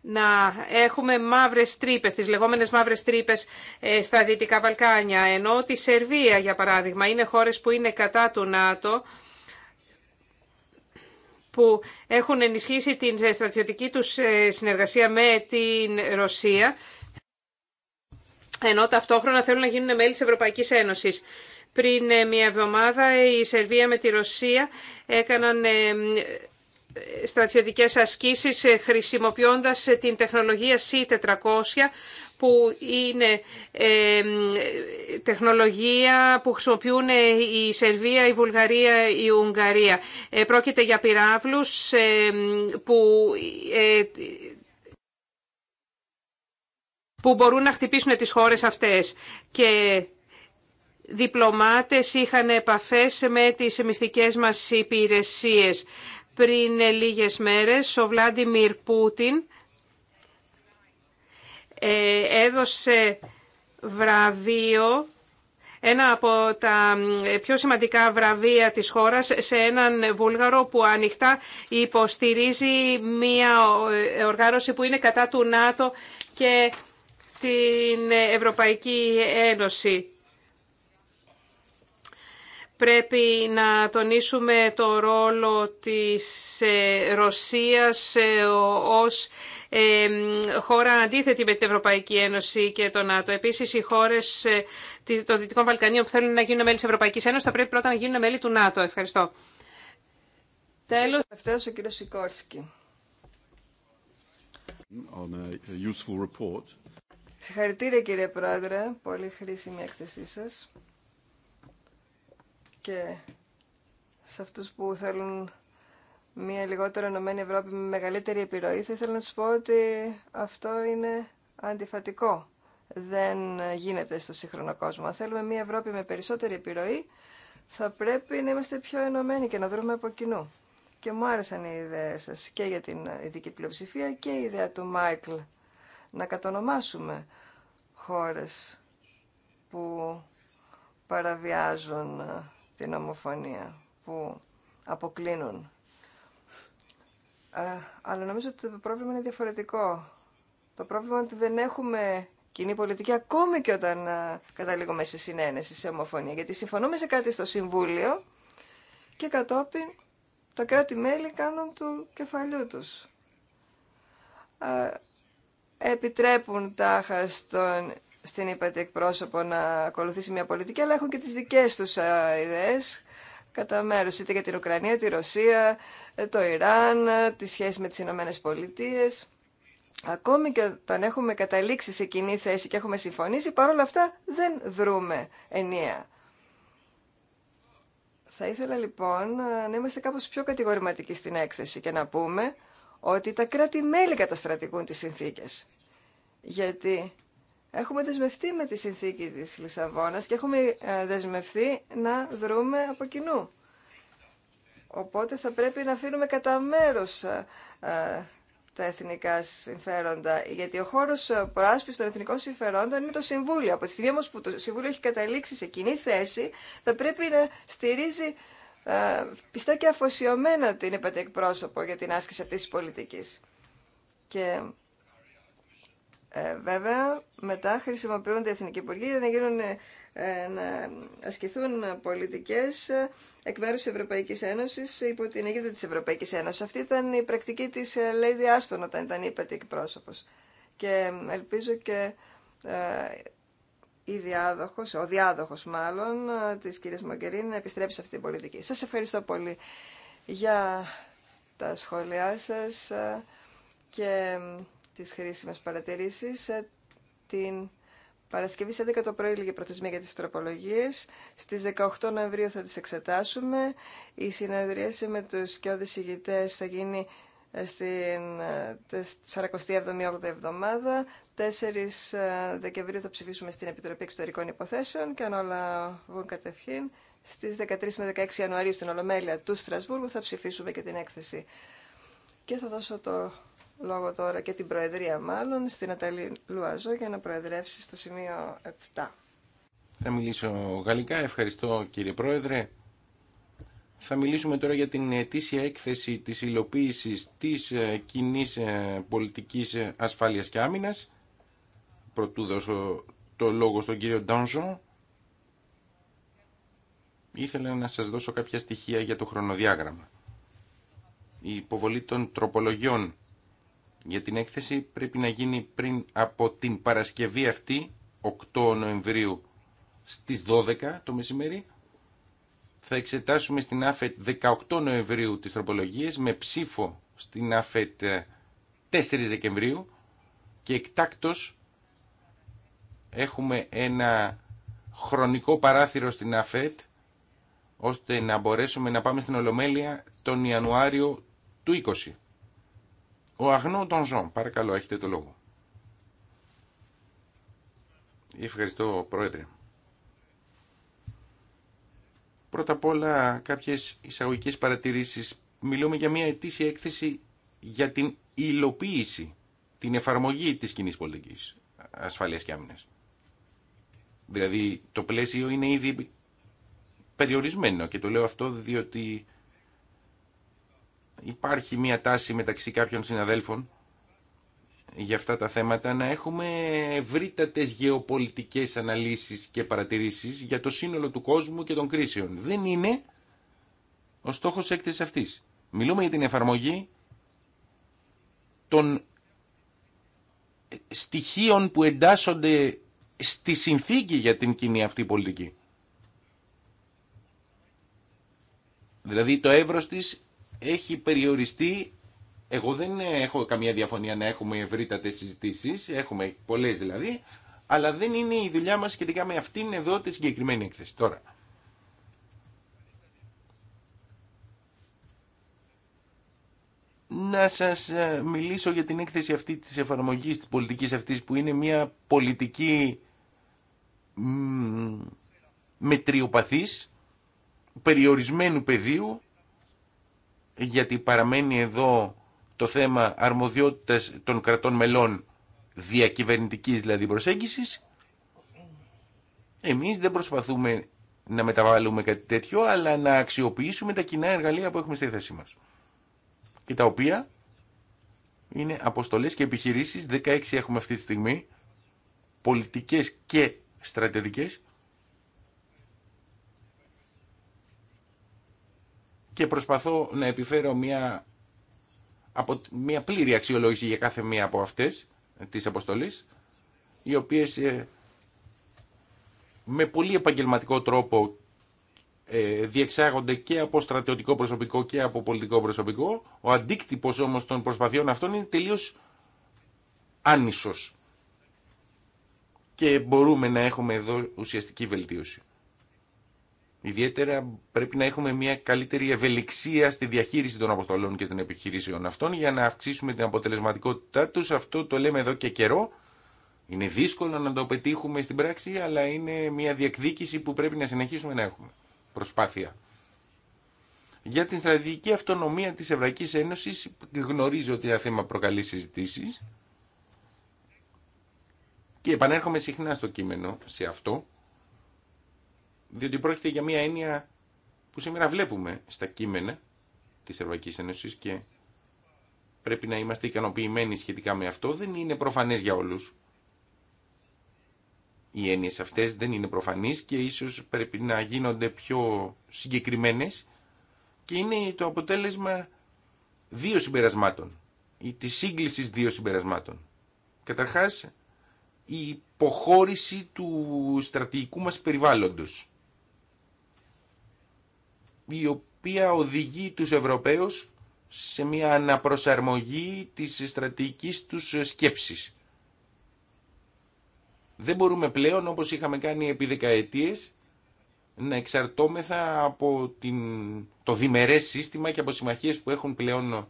να έχουμε μαύρες τρύπες, τις λεγόμενες μαύρες τρύπες ε, στα Δυτικά Βαλκάνια, ενώ τη Σερβία, για παράδειγμα, είναι χώρες που είναι κατά του ΝΑΤΟ που έχουν ενισχύσει την στρατιωτική τους ε, συνεργασία με την Ρωσία, ενώ ταυτόχρονα θέλουν να γίνουν μέλη της Ευρωπαϊκής Ένωσης. Πριν ε, μια εβδομάδα η Σερβία με τη Ρωσία έκαναν ε, στρατιωτικές ασκήσεις ε, χρησιμοποιώντας ε, την τεχνολογία C400 που είναι ε, τεχνολογία που χρησιμοποιούν η Σερβία, η Βουλγαρία, η Ουγγαρία. Πρόκειται για πυράβλους που που μπορούν να χτυπήσουν τις χώρες αυτές. Και διπλωμάτες είχαν επαφές με τις μυστικές μας υπηρεσίες. Πριν λίγες μέρες ο Βλάντιμιρ Πούτιν ε, έδωσε βραβείο, ένα από τα πιο σημαντικά βραβεία της χώρας σε έναν Βούλγαρο που ανοιχτά υποστηρίζει μια ε, οργάνωση που είναι κατά του ΝΑΤΟ και την Ευρωπαϊκή Ένωση. Πρέπει να τονίσουμε το ρόλο της ε, Ρωσίας ε, ως ε, χώρα αντίθετη με την Ευρωπαϊκή Ένωση και το ΝΑΤΟ. Επίσης, οι χώρες των Δυτικών Βαλκανίων που θέλουν να γίνουν μέλη της Ευρωπαϊκής Ένωσης θα πρέπει πρώτα να γίνουν μέλη του ΝΑΤΟ. Ευχαριστώ. Τέλος. Ευταίως ο κύριος Σικόρσκι. Συγχαρητήρια κύριε Πρόεδρε, πολύ χρήσιμη έκθεσή σας και σε αυτούς που θέλουν μια λιγότερο ενωμένη Ευρώπη με μεγαλύτερη επιρροή, θα ήθελα να σας πω ότι αυτό είναι αντιφατικό. Δεν γίνεται στο σύγχρονο κόσμο. Αν θέλουμε μια Ευρώπη με περισσότερη επιρροή, θα πρέπει να είμαστε πιο ενωμένοι και να δρούμε από κοινού. Και μου άρεσαν οι ιδέες σας και για την ειδική πλειοψηφία και η ιδέα του Μάικλ να κατονομάσουμε χώρες που παραβιάζουν την ομοφωνία που αποκλίνουν. Ε, αλλά νομίζω ότι το πρόβλημα είναι διαφορετικό. Το πρόβλημα είναι ότι δεν έχουμε κοινή πολιτική ακόμη και όταν ε, καταλήγουμε σε συνένεση, σε ομοφωνία. Γιατί συμφωνούμε σε κάτι στο Συμβούλιο και κατόπιν τα κράτη-μέλη κάνουν του κεφαλιού τους ε, επιτρέπουν τάχα στον στην είπατε εκπρόσωπο να ακολουθήσει μια πολιτική, αλλά έχουν και τις δικές τους ιδέες κατά μέρους, είτε για την Ουκρανία, τη Ρωσία, ε, το Ιράν, ε, τη σχέση με τις Ηνωμένε Πολιτείε. Ακόμη και όταν έχουμε καταλήξει σε κοινή θέση και έχουμε συμφωνήσει, παρόλα αυτά δεν δρούμε ενία Θα ήθελα λοιπόν ε, να είμαστε κάπως πιο κατηγορηματικοί στην έκθεση και να πούμε ότι τα κράτη-μέλη καταστρατηγούν τις συνθήκες. Γιατί Έχουμε δεσμευτεί με τη συνθήκη της Λισαβόνας και έχουμε ε, δεσμευτεί να δρούμε από κοινού. Οπότε θα πρέπει να αφήνουμε κατά μέρο ε, ε, τα εθνικά συμφέροντα. Γιατί ο χώρο προάσπιση των εθνικών συμφερόντων είναι το Συμβούλιο. Από τη στιγμή όμω που το Συμβούλιο έχει καταλήξει σε κοινή θέση, θα πρέπει να στηρίζει πιστά και αφοσιωμένα την είπατε για την άσκηση αυτή τη πολιτική. Και ε, βέβαια, μετά χρησιμοποιούνται οι εθνικοί υπουργοί για να, γίνουν, ε, να ασκηθούν πολιτικές ε, εκ μέρους της Ευρωπαϊκής Ένωσης υπό την αιγύδα της Ευρωπαϊκής Ένωσης. Αυτή ήταν η πρακτική της Lady Άστον όταν ήταν ύπατη εκπρόσωπος. Και ελπίζω και ε, η ο διάδοχος μάλλον της κυρίας Μογκερίνη να επιστρέψει σε αυτή την πολιτική. Σας ευχαριστώ πολύ για τα σχόλιά σας και τις χρήσιμες παρατηρήσεις. Ε, την Παρασκευή σε 11 το πρωί λίγη προθεσμία για τις τροπολογίες. Στις 18 Νοεμβρίου θα τις εξετάσουμε. Η συνεδρίαση με τους και ηγητές θα γίνει ε, στην 47η-8η ε, εβδομάδα. 4 Δεκεμβρίου θα ψηφίσουμε στην Επιτροπή Εξωτερικών Υποθέσεων και αν όλα βγουν κατευχήν στις 13 με 16 Ιανουαρίου στην Ολομέλεια του Στρασβούργου θα ψηφίσουμε και την έκθεση. Και θα δώσω το λόγο τώρα και την Προεδρία μάλλον στην Αταλή Λουαζό για να προεδρεύσει στο σημείο 7. Θα μιλήσω γαλλικά. Ευχαριστώ κύριε Πρόεδρε. Θα μιλήσουμε τώρα για την ετήσια έκθεση της υλοποίησης της ε, κοινή ε, πολιτικής ε, ασφάλειας και άμυνας. Πρωτού δώσω το λόγο στον κύριο Ντάνζο. Ήθελα να σας δώσω κάποια στοιχεία για το χρονοδιάγραμμα. Η υποβολή των τροπολογιών για την έκθεση πρέπει να γίνει πριν από την Παρασκευή αυτή, 8 Νοεμβρίου στις 12 το μεσημέρι. Θα εξετάσουμε στην ΑΦΕΤ 18 Νοεμβρίου τις τροπολογίες με ψήφο στην ΑΦΕΤ 4 ε, Δεκεμβρίου και εκτάκτος έχουμε ένα χρονικό παράθυρο στην ΑΦΕΤ ώστε να μπορέσουμε να πάμε στην Ολομέλεια τον Ιανουάριο του 20. Ο αγνό των Παρακαλώ, έχετε το λόγο. Ευχαριστώ, Πρόεδρε. Πρώτα απ' όλα κάποιες εισαγωγικές παρατηρήσεις. Μιλούμε για μια ετήσια έκθεση για την υλοποίηση, την εφαρμογή της κοινή πολιτικής ασφαλείας και άμυνας. Δηλαδή το πλαίσιο είναι ήδη περιορισμένο και το λέω αυτό διότι υπάρχει μια τάση μεταξύ κάποιων συναδέλφων για αυτά τα θέματα να έχουμε ευρύτατες γεωπολιτικές αναλύσεις και παρατηρήσεις για το σύνολο του κόσμου και των κρίσεων. Δεν είναι ο στόχος έκθεσης αυτής. Μιλούμε για την εφαρμογή των στοιχείων που εντάσσονται στη συνθήκη για την κοινή αυτή πολιτική. Δηλαδή το εύρος της έχει περιοριστεί εγώ δεν έχω καμία διαφωνία να έχουμε ευρύτατες συζητήσει. έχουμε πολλές δηλαδή, αλλά δεν είναι η δουλειά μας σχετικά με αυτήν εδώ τη συγκεκριμένη έκθεση. Τώρα, να σας ε, μιλήσω για την έκθεση αυτή της εφαρμογής της πολιτικής αυτής που είναι μια πολιτική μετριοπαθής, περιορισμένου πεδίου, γιατί παραμένει εδώ το θέμα αρμοδιότητας των κρατών μελών διακυβερνητικής δηλαδή προσέγγισης, εμείς δεν προσπαθούμε να μεταβάλουμε κάτι τέτοιο, αλλά να αξιοποιήσουμε τα κοινά εργαλεία που έχουμε στη θέση μας. Και τα οποία είναι αποστολές και επιχειρήσεις, 16 έχουμε αυτή τη στιγμή, πολιτικές και στρατιωτικές, και προσπαθώ να επιφέρω μια, απο, μια πλήρη αξιολόγηση για κάθε μία από αυτές τις αποστολές, οι οποίες ε, με πολύ επαγγελματικό τρόπο ε, διεξάγονται και από στρατιωτικό προσωπικό και από πολιτικό προσωπικό. Ο αντίκτυπος όμως των προσπαθειών αυτών είναι τελείως άνισος. Και μπορούμε να έχουμε εδώ ουσιαστική βελτίωση. Ιδιαίτερα πρέπει να έχουμε μια καλύτερη ευελιξία στη διαχείριση των αποστολών και των επιχειρήσεων αυτών για να αυξήσουμε την αποτελεσματικότητά του. Αυτό το λέμε εδώ και καιρό. Είναι δύσκολο να το πετύχουμε στην πράξη, αλλά είναι μια διεκδίκηση που πρέπει να συνεχίσουμε να έχουμε. Προσπάθεια. Για την στρατηγική αυτονομία της Ευρωπαϊκή Ένωσης γνωρίζω ότι είναι θέμα προκαλεί συζητήσει. Και επανέρχομαι συχνά στο κείμενο σε αυτό διότι πρόκειται για μια έννοια που σήμερα βλέπουμε στα κείμενα της Ευρωπαϊκής Ένωσης και πρέπει να είμαστε ικανοποιημένοι σχετικά με αυτό, δεν είναι προφανές για όλους. Οι έννοιες αυτές δεν είναι προφανείς και ίσως πρέπει να γίνονται πιο συγκεκριμένες και είναι το αποτέλεσμα δύο συμπερασμάτων ή της σύγκλησης δύο συμπερασμάτων. Καταρχάς, η τη συγκληση δυο συμπερασματων καταρχας η υποχωρηση του στρατηγικού μας περιβάλλοντος η οποία οδηγεί τους Ευρωπαίους σε μια αναπροσαρμογή της στρατηγικής τους σκέψης. Δεν μπορούμε πλέον, όπως είχαμε κάνει επί δεκαετίες, να εξαρτόμεθα από την, το διμερές σύστημα και από συμμαχίες που έχουν πλέον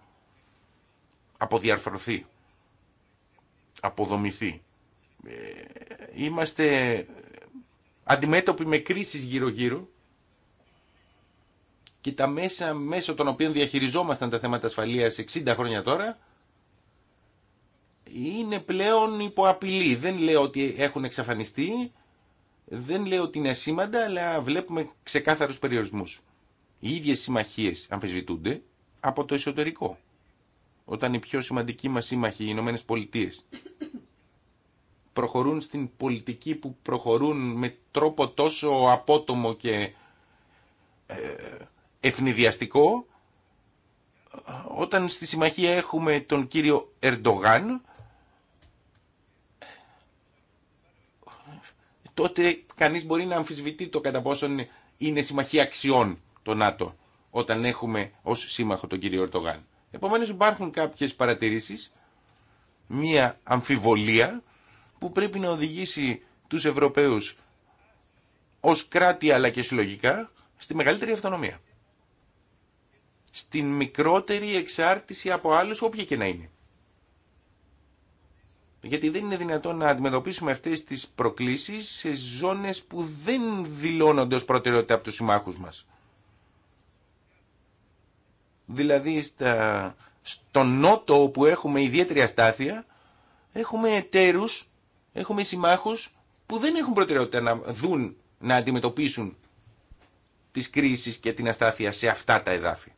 αποδιαρθρωθεί, αποδομηθεί. Ε, είμαστε αντιμέτωποι με κρίσεις γύρω-γύρω και τα μέσα μέσω των οποίων διαχειριζόμασταν τα θέματα ασφαλείας 60 χρόνια τώρα είναι πλέον υπό απειλή. Δεν λέω ότι έχουν εξαφανιστεί, δεν λέω ότι είναι ασήμαντα, αλλά βλέπουμε ξεκάθαρους περιορισμούς. Οι ίδιες συμμαχίες αμφισβητούνται από το εσωτερικό, όταν οι πιο σημαντικοί μας σύμμαχοι, οι Ηνωμένε Πολιτείε, προχωρούν στην πολιτική που προχωρούν με τρόπο τόσο απότομο και ε, ευνηδιαστικό όταν στη συμμαχία έχουμε τον κύριο Ερντογάν τότε κανείς μπορεί να αμφισβητεί το κατά πόσον είναι συμμαχία αξιών το ΝΑΤΟ όταν έχουμε ως σύμμαχο τον κύριο Ερντογάν. Επομένως υπάρχουν κάποιες παρατηρήσεις, μία αμφιβολία που πρέπει να οδηγήσει τους Ευρωπαίους ως κράτη αλλά και συλλογικά στη μεγαλύτερη αυτονομία στην μικρότερη εξάρτηση από άλλους, όποια και να είναι. Γιατί δεν είναι δυνατόν να αντιμετωπίσουμε αυτές τις προκλήσεις σε ζώνες που δεν δηλώνονται ως προτεραιότητα από τους συμμάχους μας. Δηλαδή στα, στο νότο όπου έχουμε ιδιαίτερη αστάθεια, έχουμε εταίρους, έχουμε συμμάχους που δεν έχουν προτεραιότητα να δουν, να αντιμετωπίσουν τις κρίσεις και την αστάθεια σε αυτά τα εδάφη.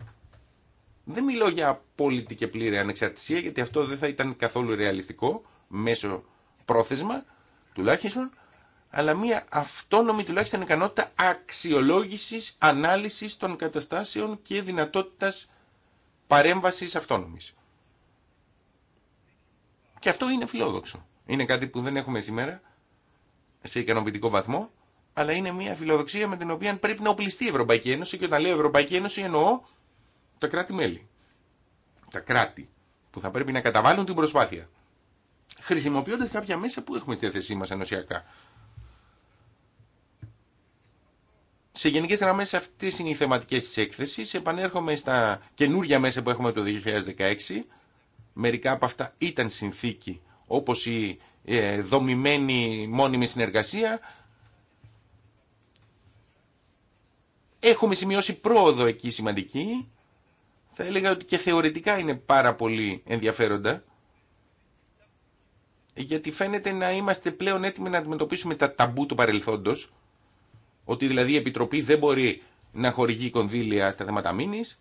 Δεν μιλώ για απόλυτη και πλήρη ανεξαρτησία, γιατί αυτό δεν θα ήταν καθόλου ρεαλιστικό, μέσω πρόθεσμα τουλάχιστον, αλλά μια αυτόνομη τουλάχιστον ικανότητα αξιολόγησης, ανάλυσης των καταστάσεων και δυνατότητας παρέμβασης αυτόνομης. Και αυτό είναι φιλόδοξο. Είναι κάτι που δεν έχουμε σήμερα σε ικανοποιητικό βαθμό, αλλά είναι μια φιλοδοξία με την οποία πρέπει να οπλιστεί η Ευρωπαϊκή Ένωση και όταν λέω Ευρωπαϊκή Ένωση εννοώ τα κράτη-μέλη. Τα κράτη που θα πρέπει να καταβάλουν την προσπάθεια. Χρησιμοποιώντα κάποια μέσα που έχουμε στη θέση μα ενωσιακά. Σε γενικέ γραμμέ, αυτέ είναι οι θεματικέ τη έκθεση. Επανέρχομαι στα καινούργια μέσα που έχουμε το 2016. Μερικά από αυτά ήταν συνθήκη, όπω η ε, δομημένη μόνιμη συνεργασία. Έχουμε σημειώσει πρόοδο εκεί σημαντική θα έλεγα ότι και θεωρητικά είναι πάρα πολύ ενδιαφέροντα γιατί φαίνεται να είμαστε πλέον έτοιμοι να αντιμετωπίσουμε τα ταμπού του παρελθόντος ότι δηλαδή η Επιτροπή δεν μπορεί να χορηγεί κονδύλια στα θέματα μήνης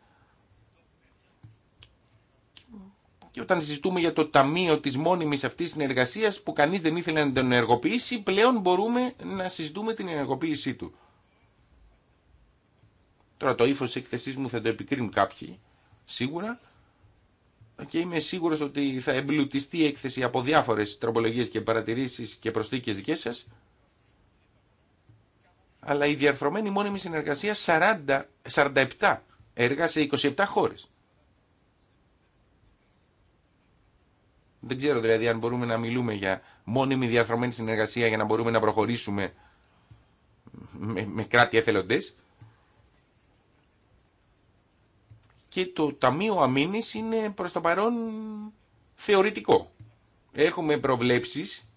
και όταν συζητούμε για το ταμείο της μόνιμης αυτής συνεργασίας που κανείς δεν ήθελε να τον ενεργοποιήσει πλέον μπορούμε να συζητούμε την ενεργοποίησή του. Τώρα το ύφο έκθεσή μου θα το επικρίνουν κάποιοι σίγουρα και είμαι σίγουρο ότι θα εμπλουτιστεί η έκθεση από διάφορε τροπολογίε και παρατηρήσει και προσθήκες δικέ σα. αλλά η διαρθρωμένη μόνιμη συνεργασία 47 έργα σε 27 χώρε. Δεν ξέρω δηλαδή αν μπορούμε να μιλούμε για μόνιμη διαρθρωμένη συνεργασία για να μπορούμε να προχωρήσουμε με, με κράτη εθελοντές. και το Ταμείο Αμήνης είναι προς το παρόν θεωρητικό. Έχουμε προβλέψεις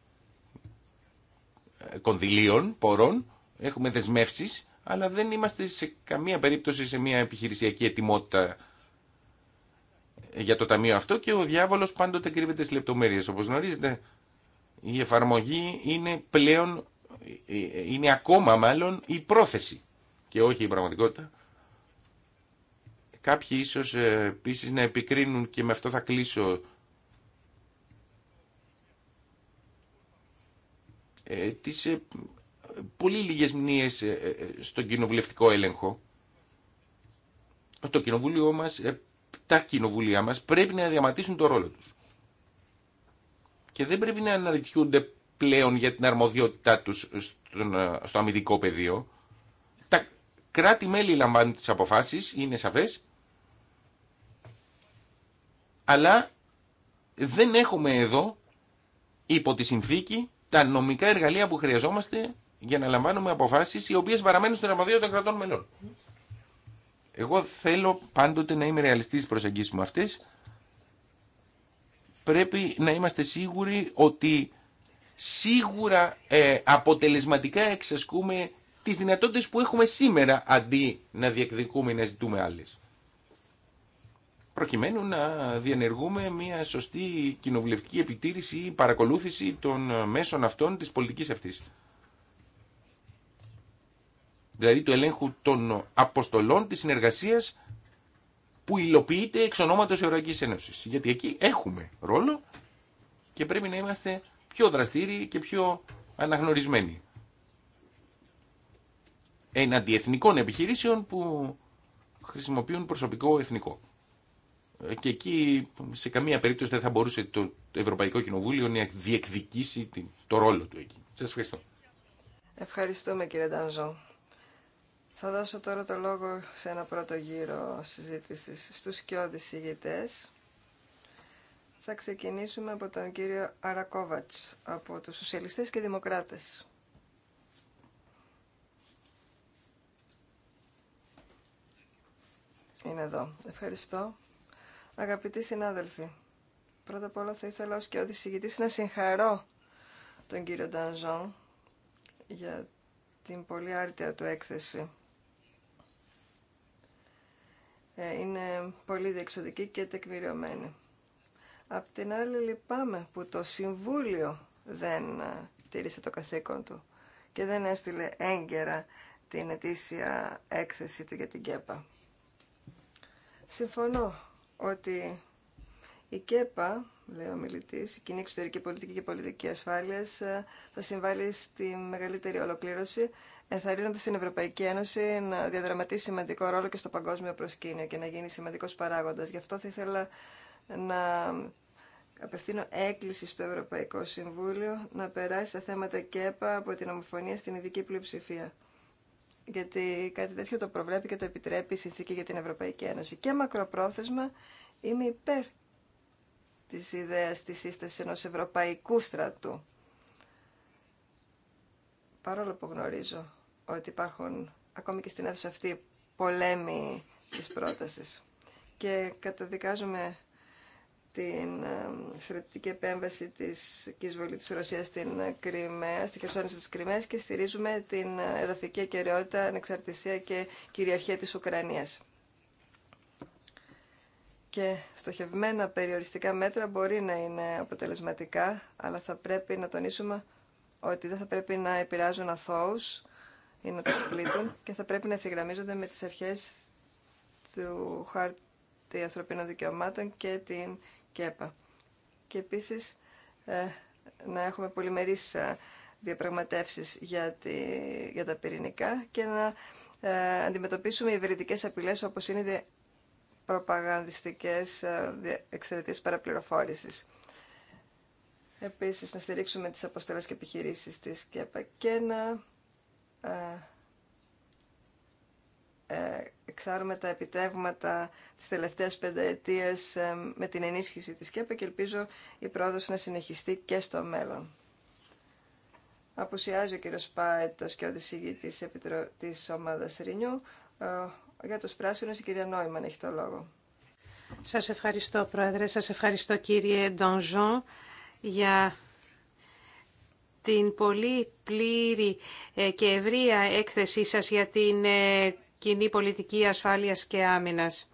ε, κονδυλίων, πορών, έχουμε δεσμεύσεις, αλλά δεν είμαστε σε καμία περίπτωση σε μια επιχειρησιακή ετοιμότητα ε, για το ταμείο αυτό και ο διάβολος πάντοτε κρύβεται στις λεπτομέρειες. Όπως γνωρίζετε, η εφαρμογή είναι πλέον, ε, είναι ακόμα μάλλον η πρόθεση και όχι η πραγματικότητα. Κάποιοι ίσως ε, επίση να επικρίνουν και με αυτό θα κλείσω ε, τις ε, πολύ λίγες μνήες στον κοινοβουλευτικό έλεγχο. Το κοινοβούλιο μας, τα κοινοβούλια μας πρέπει να διαματίσουν το ρόλο τους. Και δεν πρέπει να αναρωτιούνται πλέον για την αρμοδιότητά τους στο αμυντικό πεδίο. Τα κράτη-μέλη λαμβάνουν τις αποφάσεις, είναι σαφές, αλλά δεν έχουμε εδώ υπό τη συνθήκη τα νομικά εργαλεία που χρειαζόμαστε για να λαμβάνουμε αποφάσεις οι οποίες παραμένουν στην αρμοδιότητα των κρατών μελών. Εγώ θέλω πάντοτε να είμαι ρεαλιστής στις προσεγγίσεις μου αυτές. Πρέπει να είμαστε σίγουροι ότι σίγουρα ε, αποτελεσματικά εξασκούμε τις δυνατότητες που έχουμε σήμερα αντί να διεκδικούμε ή να ζητούμε άλλες προκειμένου να διενεργούμε μια σωστή κοινοβουλευτική επιτήρηση ή παρακολούθηση των μέσων αυτών της πολιτικής αυτής. Δηλαδή του ελέγχου των αποστολών της συνεργασίας που υλοποιείται εξ ονόματος Ευρωπαϊκής Ένωσης. Γιατί εκεί έχουμε ρόλο και πρέπει να είμαστε πιο δραστήριοι και πιο αναγνωρισμένοι. αντιεθνικών επιχειρήσεων που χρησιμοποιούν προσωπικό εθνικό και εκεί σε καμία περίπτωση δεν θα μπορούσε το Ευρωπαϊκό Κοινοβούλιο να διεκδικήσει το ρόλο του εκεί. Σας ευχαριστώ. Ευχαριστούμε κύριε Ντανζό. Θα δώσω τώρα το λόγο σε ένα πρώτο γύρο συζήτησης στους κοιόδης ηγητές. Θα ξεκινήσουμε από τον κύριο Αρακόβατς, από τους Σοσιαλιστές και Δημοκράτες. Είναι εδώ. Ευχαριστώ. Αγαπητοί συνάδελφοι, πρώτα απ' όλα θα ήθελα ως και ο να συγχαρώ τον κύριο Ντανζόν για την πολύ άρτια του έκθεση. Ε, είναι πολύ διεξοδική και τεκμηριωμένη. Απ' την άλλη λυπάμαι που το Συμβούλιο δεν ε, τήρησε το καθήκον του και δεν έστειλε έγκαιρα την ετήσια έκθεση του για την ΚΕΠΑ. Συμφωνώ ότι η ΚΕΠΑ, λέει ο μιλητή, η κοινή εξωτερική πολιτική και πολιτική ασφάλεια, ε, θα συμβάλλει στη μεγαλύτερη ολοκλήρωση, ενθαρρύνοντα την Ευρωπαϊκή Ένωση να διαδραματίσει σημαντικό ρόλο και στο παγκόσμιο προσκήνιο και να γίνει σημαντικό παράγοντα. Γι' αυτό θα ήθελα να απευθύνω έκκληση στο Ευρωπαϊκό Συμβούλιο να περάσει τα θέματα ΚΕΠΑ από την ομοφωνία στην ειδική πλειοψηφία γιατί κάτι τέτοιο το προβλέπει και το επιτρέπει η συνθήκη για την Ευρωπαϊκή Ένωση. Και μακροπρόθεσμα είμαι υπέρ της ιδέας της σύστασης ενός ευρωπαϊκού στρατού. Παρόλο που γνωρίζω ότι υπάρχουν ακόμη και στην αίθουσα αυτή πολέμοι της πρότασης και καταδικάζουμε την στρατιωτική επέμβαση της και τη της Ρωσίας στην Κρυμαία, στη χερσόνησο της Κρυμαίας και στηρίζουμε την ε, εδαφική ακαιρεότητα, ανεξαρτησία και κυριαρχία της Ουκρανίας. Και στοχευμένα περιοριστικά μέτρα μπορεί να είναι αποτελεσματικά, αλλά θα πρέπει να τονίσουμε ότι δεν θα πρέπει να επηρεάζουν αθώους ή να τους πλήττουν και θα πρέπει να ευθυγραμμίζονται με τις αρχές του χάρτη ανθρωπίνων δικαιωμάτων και την ΚΕΠΑ. Και επίσης ε, να έχουμε πολυμερείς ε, διαπραγματεύσεις για, τη, για τα πυρηνικά και να ε, αντιμετωπίσουμε υβριδικές απειλές όπως είναι οι προπαγανδιστικές εξαιρετικές παραπληροφόρησης. Επίσης, να στηρίξουμε τις αποστολές και επιχειρήσεις της ΚΕΠΑ και να εξάρουμε τα επιτεύγματα τις τελευταίες ε, με την ενίσχυση της ΚΕΠΑ και ελπίζω η πρόοδος να συνεχιστεί και στο μέλλον. Αποουσιάζει ο κύριος Πάετος και ο δισηγητής της ομάδας Ρινιού. Ε, για τους πράσινους η κυρία Νόημαν έχει το λόγο. Σας ευχαριστώ Πρόεδρε, σας ευχαριστώ κύριε Ντονζόν για την πολύ πλήρη ε, και ευρία έκθεσή σας για την ε, κοινή πολιτική ασφάλειας και άμυνας.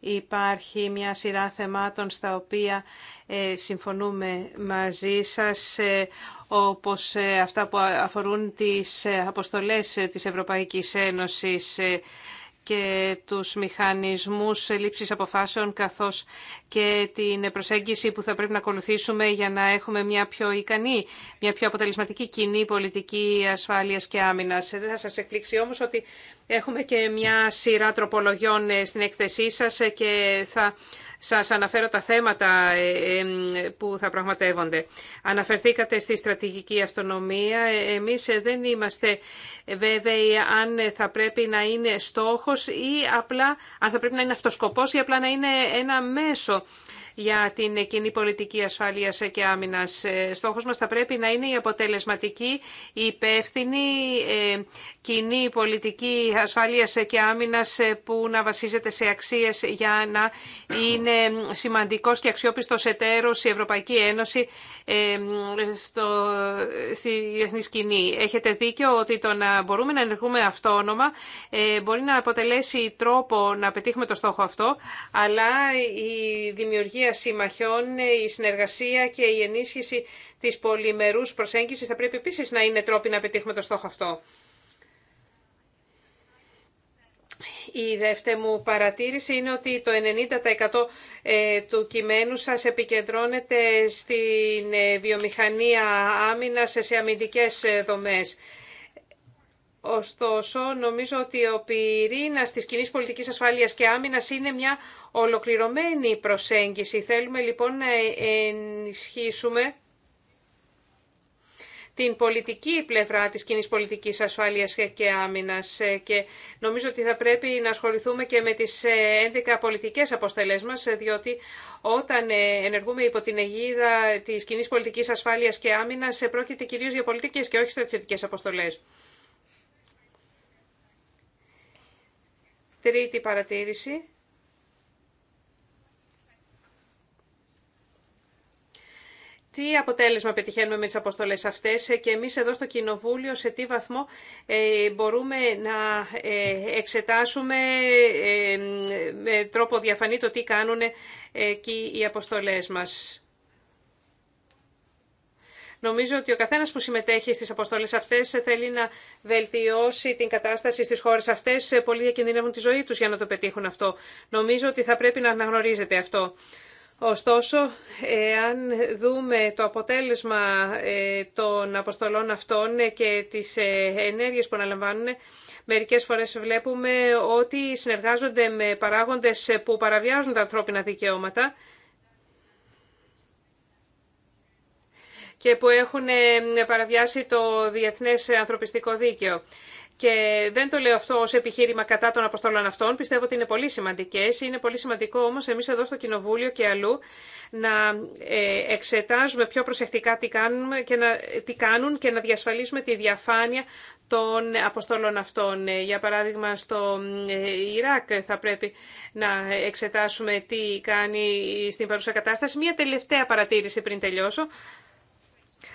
Υπάρχει μια σειρά θεμάτων στα οποία ε, συμφωνούμε μαζί σας, ε, όπως ε, αυτά που αφορούν τις αποστολές της Ευρωπαϊκής Ένωσης, και τους μηχανισμούς λήψης αποφάσεων καθώς και την προσέγγιση που θα πρέπει να ακολουθήσουμε για να έχουμε μια πιο ικανή, μια πιο αποτελεσματική κοινή πολιτική ασφάλειας και άμυνας. Ε, δεν θα σας εκπλήξει όμως ότι έχουμε και μια σειρά τροπολογιών ε, στην έκθεσή σας ε, και θα σας αναφέρω τα θέματα ε, ε, που θα πραγματεύονται. Αναφερθήκατε στη στρατηγική αυτονομία. Ε, εμείς δεν είμαστε βέβαιοι αν θα πρέπει να είναι στόχος ή απλά, αν θα πρέπει να είναι αυτοσκοπός ή απλά να είναι ένα μέσο για την κοινή πολιτική ασφαλείας και άμυνας. Στόχος μας θα πρέπει να είναι η αποτελεσματική, η υπεύθυνη κοινή πολιτική ασφάλειας και άμυνας ε, που να βασίζεται σε αξίες για να είναι σημαντικός και αξιόπιστος εταίρος η Ευρωπαϊκή Ένωση ε, στο, στη διεθνή σκηνή. Έχετε δίκιο ότι το να μπορούμε να ενεργούμε αυτόνομα ε, μπορεί να αποτελέσει τρόπο να πετύχουμε το στόχο αυτό, αλλά η δημιουργία συμμαχιών, η συνεργασία και η ενίσχυση της πολυμερούς προσέγγισης θα πρέπει επίσης να είναι τρόποι να πετύχουμε το στόχο αυτό. Η δεύτερη μου παρατήρηση είναι ότι το 90% ε, του κειμένου σας επικεντρώνεται στην ε, βιομηχανία άμυνας σε αμυντικές ε, δομές. Ωστόσο, νομίζω ότι ο πυρήνα τη κοινή πολιτική ασφάλεια και άμυνα είναι μια ολοκληρωμένη προσέγγιση. Θέλουμε λοιπόν να ενισχύσουμε την πολιτική πλευρά της κοινή πολιτικής ασφάλειας και άμυνας ε, και νομίζω ότι θα πρέπει να ασχοληθούμε και με τις 11 ε, πολιτικές αποστελές μας, ε, διότι όταν ενεργούμε υπό την αιγίδα της κοινή πολιτικής ασφάλειας και άμυνας πρόκειται κυρίως για πολιτικές και όχι στρατιωτικές αποστολές. Τρίτη παρατήρηση. τι αποτέλεσμα πετυχαίνουμε με τις αποστολές αυτές ε, και εμείς εδώ στο Κοινοβούλιο σε τι βαθμό ε, μπορούμε να ε, εξετάσουμε με τρόπο διαφανή το τι κάνουν εκεί οι αποστολές μας. Νομίζω ότι ο καθένα που συμμετέχει στι αποστολέ αυτέ θέλει να βελτιώσει την κατάσταση στι χώρε αυτέ. Πολλοί διακινδυνεύουν τη ζωή του για να το πετύχουν αυτό. Νομίζω ότι θα πρέπει να αναγνωρίζετε αυτό. Ωστόσο, εάν δούμε το αποτέλεσμα ε, των αποστολών αυτών ε, και τις ε, ενέργειες που αναλαμβάνουν, μερικές φορές βλέπουμε ότι συνεργάζονται με παράγοντες που παραβιάζουν τα ανθρώπινα δικαιώματα και που έχουν παραβιάσει το διεθνές ανθρωπιστικό δίκαιο. Και δεν το λέω αυτό ω επιχείρημα κατά των αποστολών αυτών. Πιστεύω ότι είναι πολύ σημαντικές. Είναι πολύ σημαντικό όμως εμείς εδώ στο Κοινοβούλιο και αλλού να ε, εξετάζουμε πιο προσεκτικά τι, κάνουμε και να, τι κάνουν και να διασφαλίσουμε τη διαφάνεια των αποστολών αυτών. Ε, για παράδειγμα, στο ε, Ιράκ θα πρέπει να εξετάσουμε τι κάνει στην παρούσα κατάσταση. Μία τελευταία παρατήρηση πριν τελειώσω.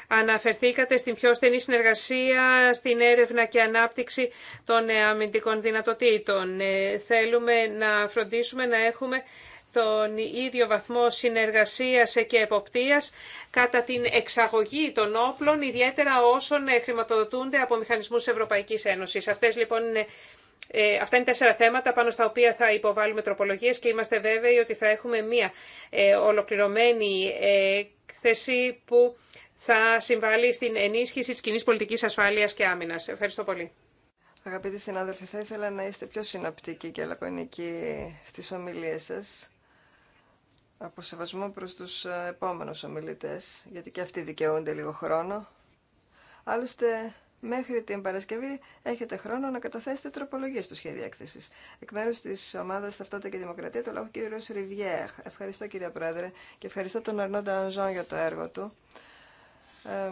Αναφερθήκατε στην πιο στενή συνεργασία, στην έρευνα και ανάπτυξη των ε, αμυντικών δυνατοτήτων. Ε, θέλουμε να φροντίσουμε να έχουμε τον ίδιο βαθμό συνεργασίας και εποπτείας κατά την εξαγωγή των όπλων, ιδιαίτερα όσων ε, χρηματοδοτούνται από μηχανισμούς Ευρωπαϊκής Ένωσης. Αυτές λοιπόν είναι αυτά είναι τέσσερα θέματα πάνω στα οποία θα υποβάλουμε τροπολογίες και είμαστε βέβαιοι ότι θα έχουμε μία ολοκληρωμένη εκθέση που θα συμβάλλει στην ενίσχυση τη κοινή πολιτική ασφάλειας και άμυνας. Ευχαριστώ πολύ. Αγαπητοί συνάδελφοι, θα ήθελα να είστε πιο συνοπτικοί και λακωνικοί στι ομιλίε σα. Από σεβασμό προ του ε, επόμενου ομιλητέ, γιατί και αυτοί δικαιούνται λίγο χρόνο. Άλλωστε, μέχρι την Παρασκευή έχετε χρόνο να καταθέσετε τροπολογίε στο σχέδιο έκθεση. Εκ μέρου τη ομάδα Ταυτότητα και Δημοκρατία, το λόγο κύριο Ριβιέρ. Ευχαριστώ κύριε Πρόεδρε και ευχαριστώ τον Αρνόντα Ανζόν για το έργο του. Ε,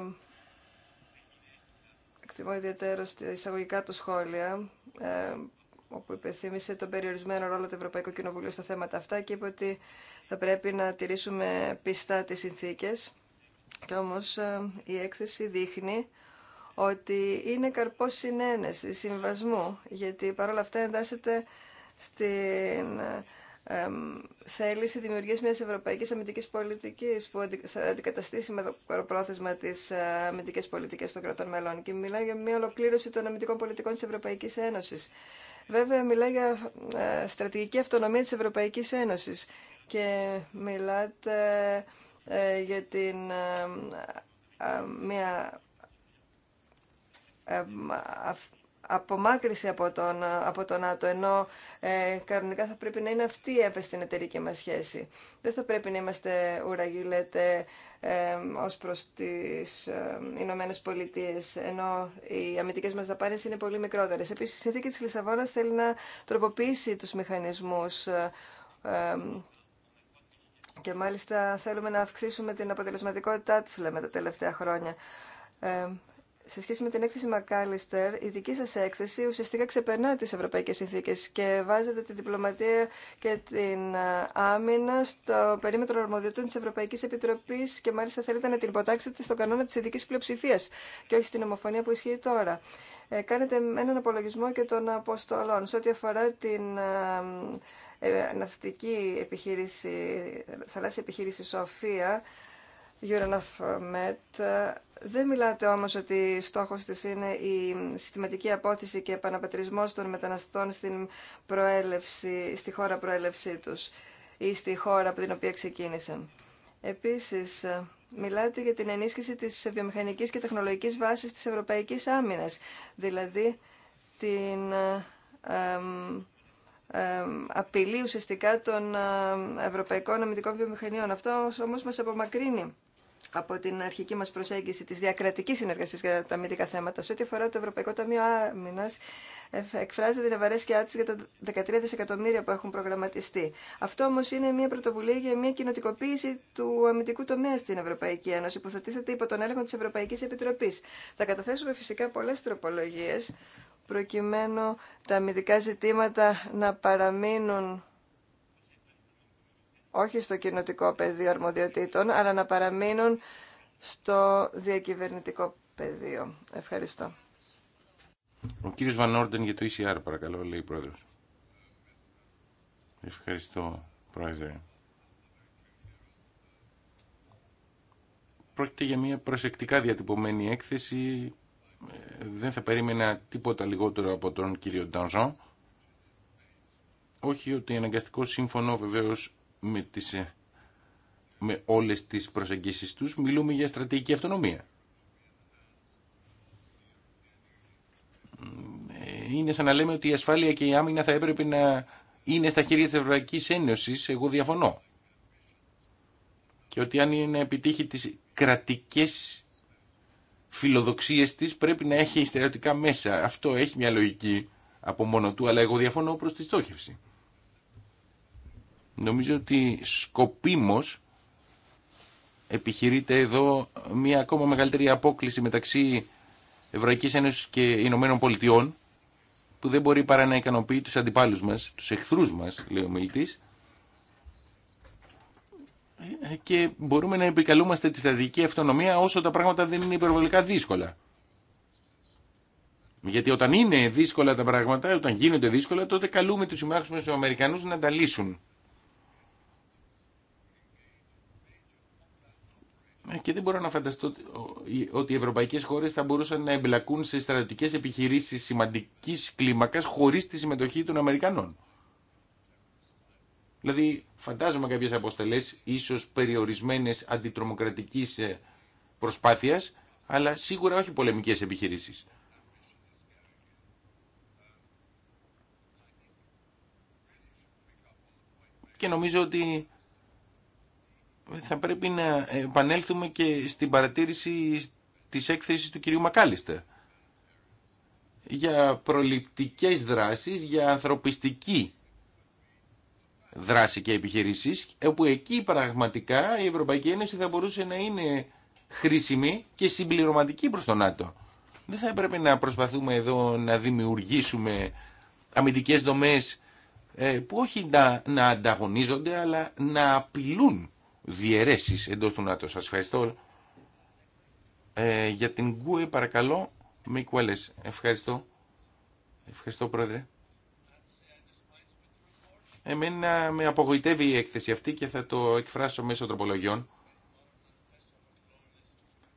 εκτιμώ ιδιαίτερα στα εισαγωγικά του σχόλια, ε, όπου υπενθύμησε τον περιορισμένο ρόλο του Ευρωπαϊκού Κοινοβουλίου στα θέματα αυτά και είπε ότι θα πρέπει να τηρήσουμε πιστά τις συνθήκες. Και όμως η έκθεση δείχνει ότι είναι καρπό συνένεση, συμβασμού, γιατί παρόλα αυτά εντάσσεται στην θέληση δημιουργία μιας ευρωπαϊκής αμυντικής πολιτικής που θα αντικαταστήσει με το πρόθεσμα της ε, αμυντικής πολιτικής των κρατών μελών και μιλάει για μια ολοκλήρωση των αμυντικών πολιτικών της Ευρωπαϊκής Ένωσης. Βέβαια μιλάει για ε, στρατηγική αυτονομία της Ευρωπαϊκής Ένωσης και μιλάτε ε, για την μια απομάκρυση από τον, από τον ΝΑΤΟ, ενώ ε, κανονικά θα πρέπει να είναι αυτή η έπεση στην εταιρική μα σχέση. Δεν θα πρέπει να είμαστε ουραγοί, λέτε, ε, ως προς τις ε, Ηνωμένε Πολιτείε, ενώ οι αμυντικές μας δαπάνε είναι πολύ μικρότερες. Επίσης, η συνθήκη τη Λισαβόνα θέλει να τροποποιήσει τους μηχανισμούς ε, ε, και μάλιστα θέλουμε να αυξήσουμε την αποτελεσματικότητά της, λέμε, τα τελευταία χρόνια. Ε, σε σχέση με την έκθεση Μακάλιστερ, η δική σας έκθεση ουσιαστικά ξεπερνά τις ευρωπαϊκές συνθήκες και βάζετε τη διπλωματία και την ε, άμυνα στο περίμετρο αρμοδιότητας της Ευρωπαϊκής Επιτροπής και μάλιστα θέλετε να την υποτάξετε στον κανόνα της ειδικής πλειοψηφία και όχι στην ομοφωνία που ισχύει τώρα. Ε, κάνετε έναν απολογισμό και των αποστολών σε ό,τι αφορά την ε, ε ναυτική επιχείρηση, θαλάσσια επιχείρηση Σοφία, Euronav Met, δεν μιλάτε όμως ότι στόχος της είναι η συστηματική απόθεση και επαναπατρισμός των μεταναστών στην προέλευση, στη χώρα προέλευσή τους ή στη χώρα από την οποία ξεκίνησαν. Επίσης, ε, μιλάτε για την ενίσχυση της βιομηχανικής και τεχνολογικής βάσης της Ευρωπαϊκής Άμυνας, δηλαδή την ε, απειλή ουσιαστικά των ε, ευρωπαϊκών αμυντικών βιομηχανιών. Αυτό όμως μας απομακρύνει από την αρχική μας προσέγγιση της διακρατικής συνεργασίας για τα αμυντικά θέματα. Σε ό,τι αφορά το Ευρωπαϊκό Ταμείο Άμυνα, εκφράζεται την ευαρέσκειά της για τα 13 δισεκατομμύρια που έχουν προγραμματιστεί. Αυτό όμως είναι μια πρωτοβουλία για μια κοινοτικοποίηση του αμυντικού τομέα στην Ευρωπαϊκή Ένωση που θα τίθεται υπό τον έλεγχο της Ευρωπαϊκής Επιτροπής. Θα καταθέσουμε φυσικά πολλές τροπολογίες προκειμένου τα αμυντικά ζητήματα να παραμείνουν όχι στο κοινοτικό πεδίο αρμοδιοτήτων, αλλά να παραμείνουν στο διακυβερνητικό πεδίο. Ευχαριστώ. Ο κύριος Βανόρντεν για το ECR, παρακαλώ, λέει η πρόεδρος. Ευχαριστώ, πρόεδρε. Πρόκειται για μια προσεκτικά διατυπωμένη έκθεση. Ε, δεν θα περίμενα τίποτα λιγότερο από τον κύριο Ντανζόν. Όχι ότι αναγκαστικό σύμφωνο βεβαίως με, τις, ε, με όλες τις προσεγγίσεις τους μιλούμε για στρατηγική αυτονομία. Ε, είναι σαν να λέμε ότι η ασφάλεια και η άμυνα θα έπρεπε να είναι στα χέρια της Ευρωπαϊκής Ένωσης. Εγώ διαφωνώ. Και ότι αν είναι να επιτύχει τις κρατικές φιλοδοξίες της πρέπει να έχει στερεωτικά μέσα. Αυτό έχει μια λογική από μόνο του, αλλά εγώ διαφωνώ προς τη στόχευση. Νομίζω ότι σκοπίμως επιχειρείται εδώ μια ακόμα μεγαλύτερη απόκληση μεταξύ Ευρωπαϊκής Ένωσης και Ηνωμένων Πολιτειών που δεν μπορεί παρά να ικανοποιεί τους αντιπάλους μας, τους εχθρούς μας, λέει ο μιλητής, και μπορούμε να επικαλούμαστε τη στρατηγική αυτονομία όσο τα πράγματα δεν είναι υπερβολικά δύσκολα. Γιατί όταν είναι δύσκολα τα πράγματα, όταν γίνονται δύσκολα, τότε καλούμε τους συμμάχους μας, τους Αμερικανούς, να τα λύσουν και δεν μπορώ να φανταστώ ότι οι ευρωπαϊκές χώρες θα μπορούσαν να εμπλακούν σε στρατιωτικές επιχειρήσεις σημαντική κλίμακα χωρίς τη συμμετοχή των Αμερικανών. Δηλαδή φαντάζομαι κάποιε αποστολές ίσως περιορισμένες αντιτρομοκρατική ε, προσπάθεια, αλλά σίγουρα όχι πολεμικές επιχειρήσεις. Και νομίζω ότι θα πρέπει να επανέλθουμε και στην παρατήρηση της έκθεσης του κυρίου Μακάλιστα για προληπτικές δράσεις, για ανθρωπιστική δράση και επιχειρήσεις, όπου εκεί πραγματικά η Ευρωπαϊκή Ένωση θα μπορούσε να είναι χρήσιμη και συμπληρωματική προς τον ΝΑΤΟ. Δεν θα έπρεπε να προσπαθούμε εδώ να δημιουργήσουμε αμυντικές δομές ε, που όχι να, να ανταγωνίζονται αλλά να απειλούν διαιρέσει εντός του ΝΑΤΟ. Σας ευχαριστώ. Ε, για την ΚΟΕ παρακαλώ, μη Ευχαριστώ. Ευχαριστώ πρόεδρε. Εμένα με απογοητεύει η έκθεση αυτή και θα το εκφράσω μέσω τροπολογιών.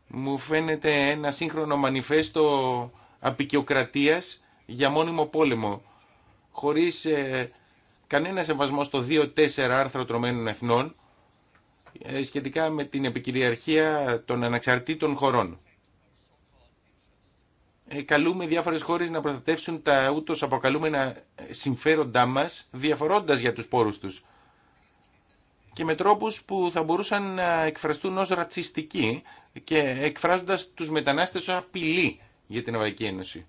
Μου φαίνεται ένα σύγχρονο μανιφέστο απεικιοκρατίας για μόνιμο πόλεμο, χωρίς ε, κανένα σεβασμό στο 2-4 άρθρο τρομένων εθνών, ε, σχετικά με την επικυριαρχία των αναξαρτήτων χωρών. Ε, καλούμε διάφορες χώρες να προστατεύσουν τα ούτως αποκαλούμενα συμφέροντά μας, διαφορώντας για τους πόρους τους και με τρόπους που θα μπορούσαν να εκφραστούν ως ρατσιστικοί και εκφράζοντας τους μετανάστες ως απειλή για την Ευρωπαϊκή Ένωση.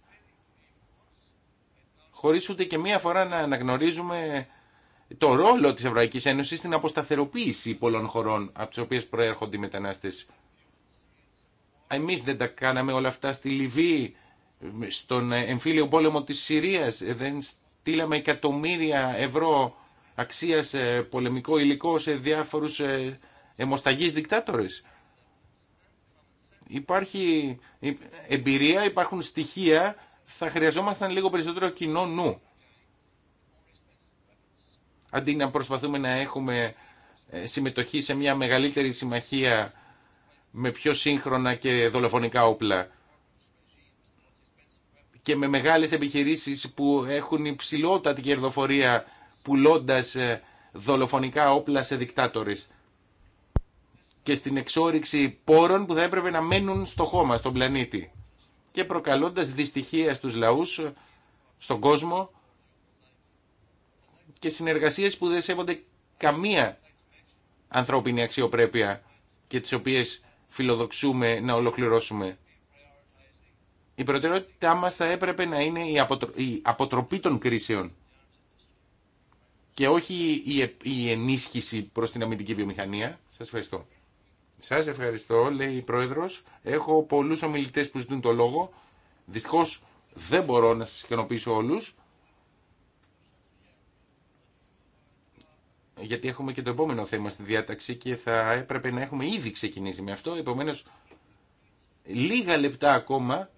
Χωρίς ούτε και μία φορά να αναγνωρίζουμε το ρόλο της Ευρωπαϊκής Ένωσης στην αποσταθεροποίηση πολλών χωρών από τις οποίες προέρχονται οι μετανάστες. Εμείς δεν τα κάναμε όλα αυτά στη Λιβύη, στον εμφύλιο πόλεμο της Συρίας, δεν στείλαμε εκατομμύρια ευρώ αξίας ε, πολεμικό υλικό σε διάφορους ε, αιμοσταγείς δικτάτορες. Υπάρχει εμπειρία, υπάρχουν στοιχεία, θα χρειαζόμασταν λίγο περισσότερο κοινό νου αντί να προσπαθούμε να έχουμε ε, συμμετοχή σε μια μεγαλύτερη συμμαχία με πιο σύγχρονα και δολοφονικά όπλα και με μεγάλες επιχειρήσεις που έχουν υψηλότατη κερδοφορία πουλώντας ε, δολοφονικά όπλα σε δικτάτορες και στην εξόριξη πόρων που θα έπρεπε να μένουν στο χώμα, στον πλανήτη και προκαλώντας δυστυχία στους λαούς, ε, στον κόσμο και συνεργασίες που δεν σέβονται καμία ανθρώπινη αξιοπρέπεια και τις οποίες φιλοδοξούμε να ολοκληρώσουμε. Η προτεραιότητά μας θα έπρεπε να είναι η αποτροπή των κρίσεων και όχι η ενίσχυση προς την αμυντική βιομηχανία. Σας ευχαριστώ. Σας ευχαριστώ, λέει η Πρόεδρος. Έχω πολλούς ομιλητές που ζητούν το λόγο. Δυστυχώς δεν μπορώ να σας ικανοποιήσω όλους. γιατί έχουμε και το επόμενο θέμα στη διάταξη και θα έπρεπε να έχουμε ήδη ξεκινήσει με αυτό. Επομένω λίγα λεπτά ακόμα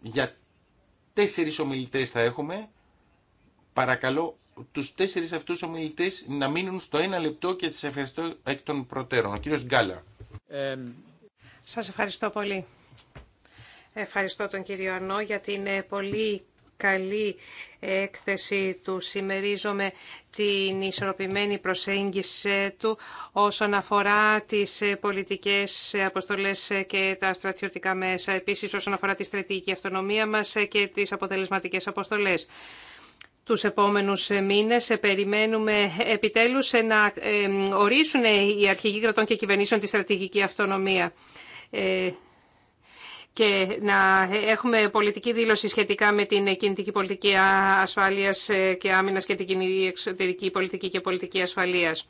για τέσσερις ομιλητέ θα έχουμε. Παρακαλώ τους τέσσερις αυτούς ομιλητέ να μείνουν στο ένα λεπτό και τις ευχαριστώ εκ των προτέρων. Ο κύριο Γκάλα. Ε, σας ευχαριστώ πολύ. Ευχαριστώ τον κύριο Ανώ για την ε, πολύ καλή έκθεση του. Σημερίζομαι την ισορροπημένη προσέγγιση του όσον αφορά τις πολιτικές αποστολές και τα στρατιωτικά μέσα. Επίσης όσον αφορά τη στρατηγική αυτονομία μας και τις αποτελεσματικές αποστολές. Τους επόμενους μήνες περιμένουμε επιτέλους να ε, ορίσουν οι αρχηγοί κρατών και κυβερνήσεων τη στρατηγική αυτονομία. Ε, και να έχουμε πολιτική δήλωση σχετικά με την κινητική πολιτική ασφάλειας ε, και άμυνας και την κοινή εξωτερική πολιτική και πολιτική ασφαλείας.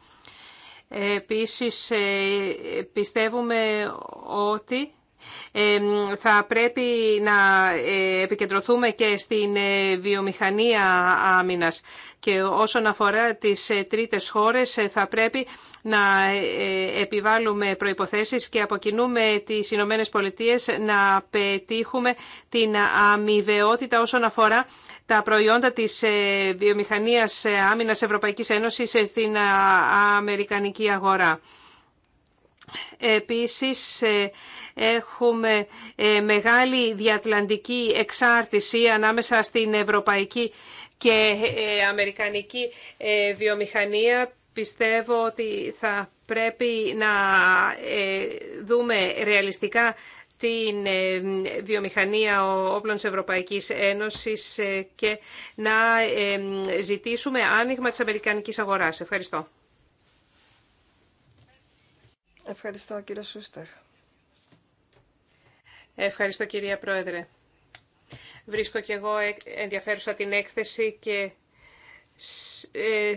Επίσης, ε, πιστεύουμε ότι θα πρέπει να ε, επικεντρωθούμε και στην ε, βιομηχανία άμυνας και όσον αφορά τις ε, τρίτες χώρες θα πρέπει να επιβάλλουμε προϋποθέσεις και αποκινούμε τις Ηνωμένε Πολιτείες να πετύχουμε την αμοιβαιότητα όσον αφορά τα προϊόντα της βιομηχανίας άμυνας Ευρωπαϊκής Ένωσης στην Αμερικανική αγορά. Επίσης ε, έχουμε ε, μεγάλη διατλαντική εξάρτηση ανάμεσα στην ευρωπαϊκή και ε, αμερικανική βιομηχανία. Πιστεύω ότι θα πρέπει να δούμε ρεαλιστικά την βιομηχανία όπλων της Ευρωπαϊκής Ένωσης και να ζητήσουμε άνοιγμα της Αμερικανικής αγοράς. Ευχαριστώ. Ευχαριστώ κύριο Σούστερ. Ευχαριστώ κυρία Πρόεδρε. Βρίσκω και εγώ ενδιαφέρουσα την έκθεση και ε,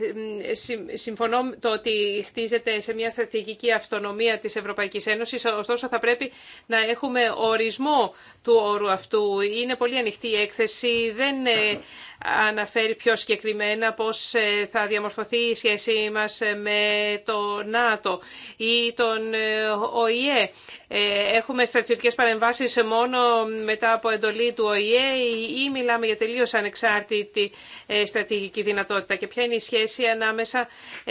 συμφωνώ το ότι χτίζεται σε μια στρατηγική αυτονομία της Ευρωπαϊκής Ένωσης, ωστόσο θα πρέπει να έχουμε ορισμό του όρου αυτού. Είναι πολύ ανοιχτή η έκθεση, δεν ε, αναφέρει πιο συγκεκριμένα πώς ε, θα διαμορφωθεί η σχέση μας ε, με το ΝΑΤΟ ή τον ε, ΟΗΕ. Έχουμε στρατιωτικές παρεμβάσεις μόνο μετά από εντολή του ΟΗΕ ή μιλάμε για τελείως ανεξάρτητη στρατηγική δυνατότητα και ποια είναι η σχέση ανάμεσα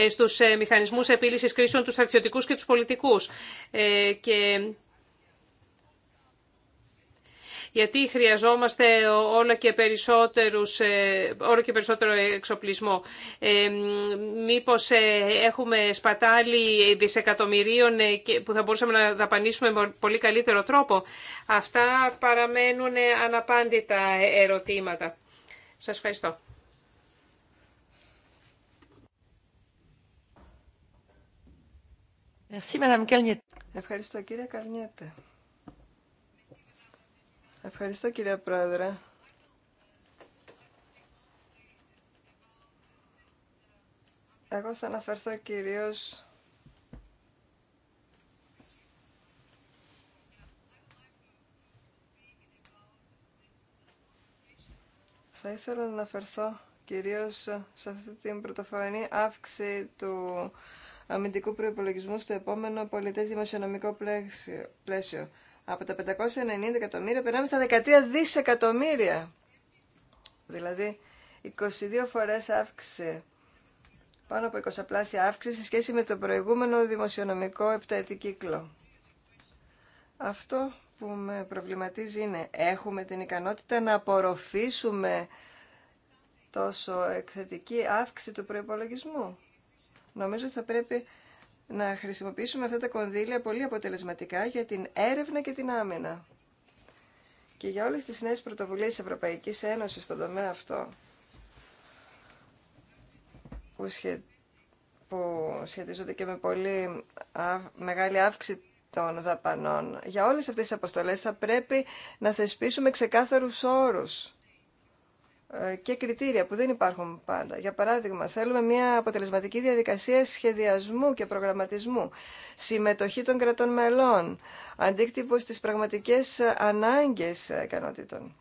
στους μηχανισμούς επίλυσης κρίσεων, τους στρατιωτικούς και τους πολιτικούς. Και γιατί χρειαζόμαστε όλο και, περισσότερους, ε, όλο και περισσότερο εξοπλισμό. Ε, μήπως ε, έχουμε σπατάλη δισεκατομμυρίων που θα μπορούσαμε να δαπανίσουμε με πολύ καλύτερο τρόπο. Αυτά παραμένουν αναπάντητα ερωτήματα. Σας ευχαριστώ. Ευχαριστώ κύριε Καλνιέτε. Ευχαριστώ κυρία Πρόεδρε. Εγώ θα αναφερθώ κυρίως θα ήθελα να αναφερθώ κυρίως σε αυτή την πρωτοφανή αύξηση του αμυντικού προϋπολογισμού στο επόμενο πολιτές δημοσιονομικό πλαίσιο. Από τα 590 εκατομμύρια περνάμε στα 13 δισεκατομμύρια. Δηλαδή 22 φορές αύξηση. Πάνω από 20 πλάσια αύξηση σε σχέση με το προηγούμενο δημοσιονομικό επταετή κύκλο. Αυτό που με προβληματίζει είναι έχουμε την ικανότητα να απορροφήσουμε τόσο εκθετική αύξηση του προϋπολογισμού. Νομίζω ότι θα πρέπει να χρησιμοποιήσουμε αυτά τα κονδύλια πολύ αποτελεσματικά για την έρευνα και την άμυνα. Και για όλες τις νέες πρωτοβουλίες της Ευρωπαϊκής Ένωσης στον τομέα αυτό, που, σχε... σχετίζονται και με πολύ μεγάλη αύξηση των δαπανών, για όλες αυτές τις αποστολές θα πρέπει να θεσπίσουμε ξεκάθαρους όρους ε, και κριτήρια που δεν υπάρχουν πάντα. Για παράδειγμα, θέλουμε μια αποτελεσματική διαδικασία σχεδιασμού και προγραμματισμού, συμμετοχή των κρατών μελών, αντίκτυπο στις πραγματικές ε, ανάγκες ε, ικανότητων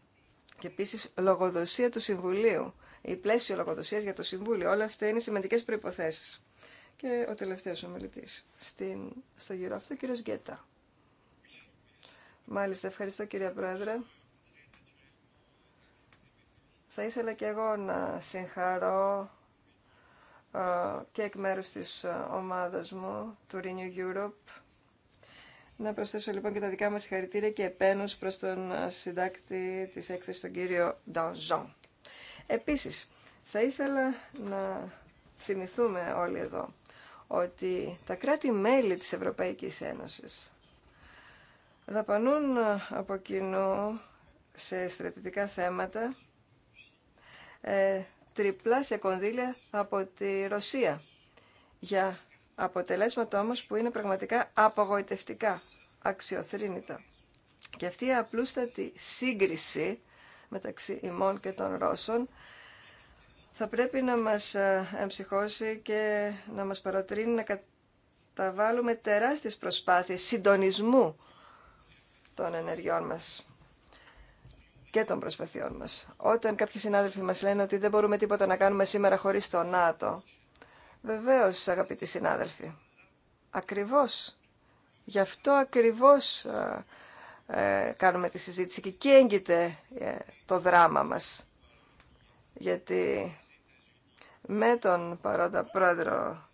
και επίση λογοδοσία του Συμβουλίου, η πλαίσιο λογοδοσία για το Συμβούλιο. Όλα αυτά είναι σημαντικέ προποθέσει. Και ο τελευταίο ομιλητή στο γύρο αυτό, κύριο Γκέτα. Μάλιστα, ευχαριστώ κύριε Πρόεδρε. Θα ήθελα και εγώ να συγχαρώ ε, και εκ μέρους της ε, ομάδας μου, του Renew Europe. Να προσθέσω λοιπόν και τα δικά μας συγχαρητήρια και επένους προς τον ε, συντάκτη της έκθεσης, τον κύριο Ντανζόν. Επίσης, θα ήθελα να θυμηθούμε όλοι εδώ ότι τα κράτη-μέλη της Ευρωπαϊκής Ένωσης δαπανούν από κοινού σε στρατιωτικά θέματα ε, σε κονδύλια από τη Ρωσία για αποτελέσματα όμως που είναι πραγματικά απογοητευτικά, αξιοθρύνητα. Και αυτή η απλούστατη σύγκριση μεταξύ ημών και των Ρώσων θα πρέπει να μας ε, εμψυχώσει και να μας παροτρύνει να καταβάλουμε τεράστιες προσπάθειες συντονισμού των ενεργειών μας και των προσπαθειών μας. Όταν κάποιοι συνάδελφοι μας λένε ότι δεν μπορούμε τίποτα να κάνουμε σήμερα χωρίς το ΝΑΤΟ, βεβαίως αγαπητοί συνάδελφοι, ακριβώς, γι' αυτό ακριβώς ε, ε κάνουμε τη συζήτηση και εκεί έγκυται ε, το δράμα μας. Γιατί με τον παρόντα πρόεδρο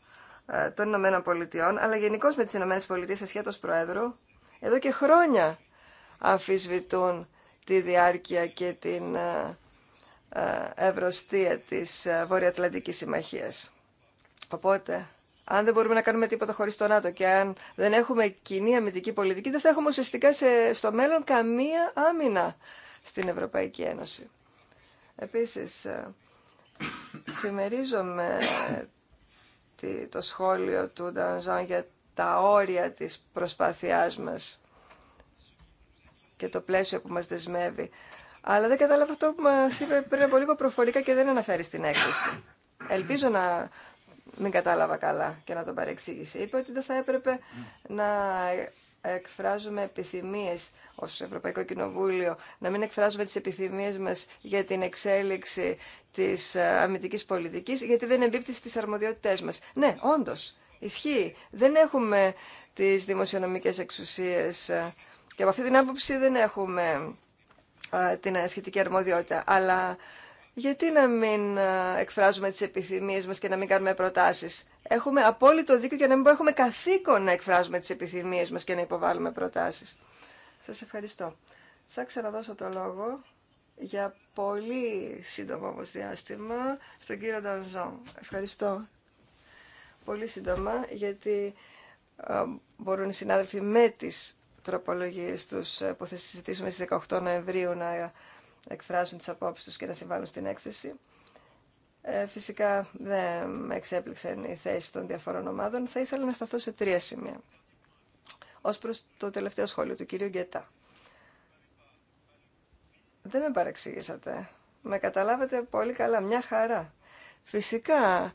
ε, των Ηνωμένων Πολιτειών, αλλά γενικώ με τις Ηνωμένες Πολιτείες ασχέτως πρόεδρου, εδώ και χρόνια αμφισβητούν τη διάρκεια και την ε, ε, ευρωστία της ε, Βορειοατλαντικής Συμμαχίας. Οπότε, αν δεν μπορούμε να κάνουμε τίποτα χωρίς το ΝΑΤΟ και αν δεν έχουμε κοινή αμυντική πολιτική, δεν θα έχουμε ουσιαστικά στο μέλλον καμία άμυνα στην Ευρωπαϊκή Ένωση. Επίσης, συμμερίζομαι το σχόλιο του Ντανζόν για τα όρια της προσπάθειάς μας και το πλαίσιο που μας δεσμεύει. Αλλά δεν κατάλαβα αυτό που μας είπε πριν από λίγο προφορικά και δεν αναφέρει στην έκθεση. Ελπίζω να μην κατάλαβα καλά και να τον παρεξήγησε. Είπε ότι δεν θα έπρεπε να εκφράζουμε επιθυμίες ως Ευρωπαϊκό Κοινοβούλιο, να μην εκφράζουμε τις επιθυμίες μας για την εξέλιξη της ε, αμυντικής πολιτικής, γιατί δεν εμπίπτει στις αρμοδιότητές μας. Ναι, όντως, ισχύει. Δεν έχουμε τις δημοσιονομικές εξουσίες ε, και από αυτή την άποψη δεν έχουμε την ε, σχετική αρμοδιότητα. Αλλά γιατί να μην ε, εκφράζουμε τις επιθυμίες μας και να μην κάνουμε προτάσεις. Έχουμε απόλυτο δίκιο και να μην έχουμε καθήκον να εκφράζουμε τις επιθυμίες μας και να υποβάλουμε προτάσεις. Σας ευχαριστώ. Θα ξαναδώσω το λόγο για πολύ σύντομο όμως διάστημα στον κύριο Ντανζό. Ευχαριστώ. Πολύ σύντομα γιατί ε, μπορούν οι συνάδελφοι με τις τροπολογίες τους ε, που θα συζητήσουμε στις 18 Νοεμβρίου να εκφράσουν τις απόψεις τους και να συμβάλλουν στην έκθεση. Ε, φυσικά δεν με εξέπληξαν οι θέσει των διαφορών ομάδων. Θα ήθελα να σταθώ σε τρία σημεία. Ως προς το τελευταίο σχόλιο του κύριου Γκέτα. Δεν με παρεξήγησατε. Με καταλάβατε πολύ καλά. Μια χαρά. Φυσικά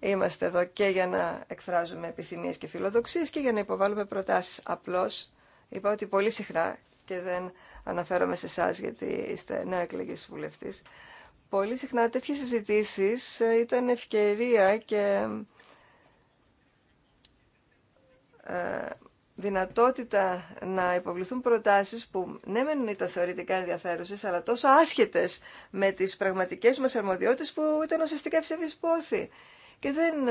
είμαστε εδώ και για να εκφράζουμε επιθυμίες και φιλοδοξίες και για να υποβάλουμε προτάσεις. Απλώς Είπα ότι πολύ συχνά, και δεν αναφέρομαι σε εσά γιατί είστε νέο εκλεγή βουλευτής, πολύ συχνά τέτοιε συζητήσει ε, ήταν ευκαιρία και ε, δυνατότητα να υποβληθούν προτάσεις που ναι μεν ήταν θεωρητικά ενδιαφέρουσες αλλά τόσο άσχετες με τις πραγματικές μας αρμοδιότητες που ήταν ουσιαστικά ψευδισπόθη και δεν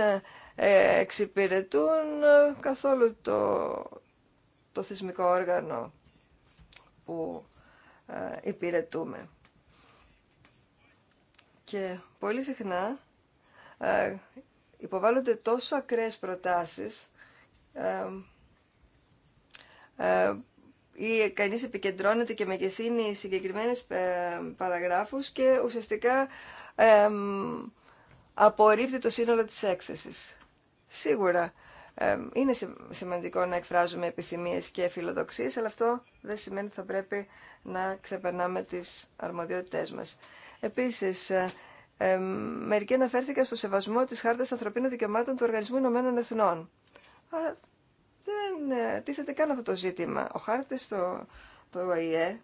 ε, εξυπηρετούν καθόλου το το θεσμικό όργανο που ε, υπηρετούμε. Και πολύ συχνά ε, υποβάλλονται τόσο ακραίες προτάσεις ε, ή κανείς επικεντρώνεται και μεγεθύνει συγκεκριμένες παραγράφους και ουσιαστικά απορρίπτει το σύνολο της έκθεσης. Σίγουρα ε, είναι σημαντικό να εκφράζουμε επιθυμίες και φιλοδοξίες, αλλά αυτό δεν σημαίνει ότι θα πρέπει να ξεπερνάμε τις αρμοδιότητές μας. Επίσης, ε, ε μερικοί αναφέρθηκαν στο σεβασμό της Χάρτας Ανθρωπίνων Δικαιωμάτων του Οργανισμού Ηνωμένων Εθνών. Α, δεν ε, τίθεται καν αυτό το ζήτημα. Ο χάρτης του το ΟΗΕ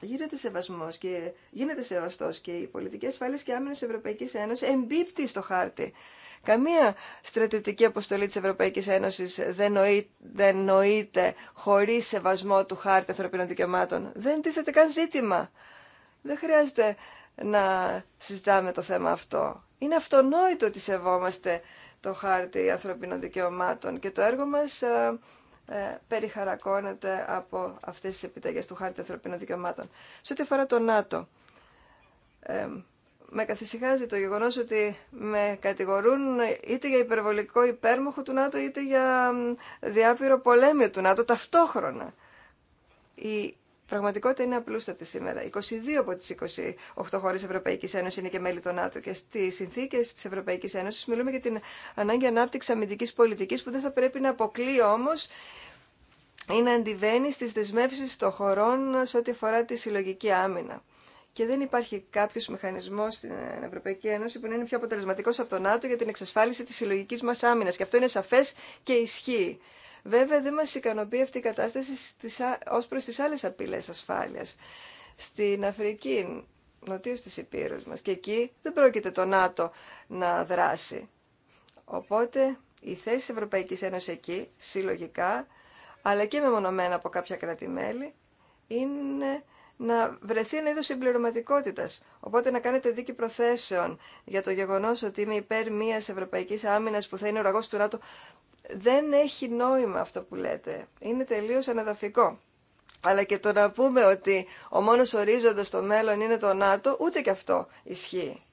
γίνεται σεβασμός και γίνεται σεβαστός και η πολιτική ασφάλεια και άμυνα τη Ευρωπαϊκής Ένωσης εμπίπτει στο χάρτη. Καμία στρατιωτική αποστολή της Ευρωπαϊκής Ένωση δεν, νοεί, δεν νοείται χωρίς σεβασμό του χάρτη ανθρωπίνων δικαιωμάτων. Δεν τίθεται καν ζήτημα. Δεν χρειάζεται να συζητάμε το θέμα αυτό. Είναι αυτονόητο ότι σεβόμαστε το χάρτη ανθρωπίνων δικαιωμάτων και το έργο μας ε, ε, περιχαρακώνεται από αυτές τις επιταγές του Χάρτη Ανθρωπίνων Δικαιωμάτων. Σε ό,τι αφορά το ΝΑΤΟ, ε, με καθησυχάζει το γεγονός ότι με κατηγορούν είτε για υπερβολικό υπέρμοχο του ΝΑΤΟ είτε για διάπειρο πολέμιο του ΝΑΤΟ ταυτόχρονα. Η πραγματικότητα είναι απλούστατη σήμερα. 22 από τι 28 χώρε Ευρωπαϊκή Ένωση είναι και μέλη των ΝΑΤΟ και στις συνθήκε τη Ευρωπαϊκή Ένωση μιλούμε για την ανάγκη ανάπτυξη αμυντική πολιτική που δεν θα πρέπει να αποκλεί όμω ή να αντιβαίνει στι δεσμεύσει των χωρών σε ό,τι αφορά τη συλλογική άμυνα. Και δεν υπάρχει κάποιο μηχανισμό στην Ευρωπαϊκή Ένωση που να είναι πιο αποτελεσματικό από τον ΝΑΤΟ για την εξασφάλιση τη συλλογική μα άμυνα. Και αυτό είναι σαφέ και ισχύει. Βέβαια δεν μας ικανοποιεί αυτή η κατάσταση στις, ως προς τις άλλες απειλές ασφάλειας. Στην Αφρική, νοτίως της Επίρους μας, και εκεί δεν πρόκειται το ΝΑΤΟ να δράσει. Οπότε η θέση της Ευρωπαϊκής Ένωσης εκεί, συλλογικά, αλλά και μεμονωμένα από κάποια κράτη-μέλη, είναι να βρεθεί ένα είδο συμπληρωματικότητα. Οπότε να κάνετε δίκη προθέσεων για το γεγονό ότι είμαι υπέρ μια ευρωπαϊκή άμυνα που θα είναι ο ραγό του ΝΑΤΟ δεν έχει νόημα αυτό που λέτε. Είναι τελείως αναδαφικό. Αλλά και το να πούμε ότι ο μόνος ορίζοντας στο μέλλον είναι το ΝΑΤΟ, ούτε και αυτό ισχύει.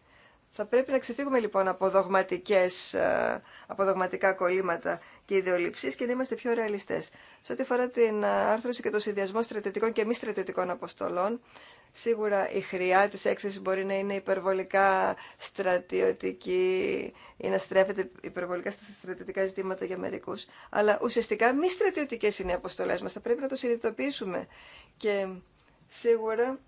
Θα πρέπει να ξεφύγουμε λοιπόν από, δογματικές, ε, από δογματικά κολλήματα και ιδεολήψεις και να είμαστε πιο ρεαλιστές. Σε ό,τι αφορά την ε, άρθρωση και το συνδυασμό στρατιωτικών και μη στρατιωτικών αποστολών, σίγουρα η χρειά της έκθεσης μπορεί να είναι υπερβολικά στρατιωτική ή να στρέφεται υπερβολικά στα στρατιωτικά ζητήματα για μερικού. αλλά ουσιαστικά μη στρατιωτικέ είναι οι αποστολές μας. Θα πρέπει να το συνειδητοποιήσουμε και σίγουρα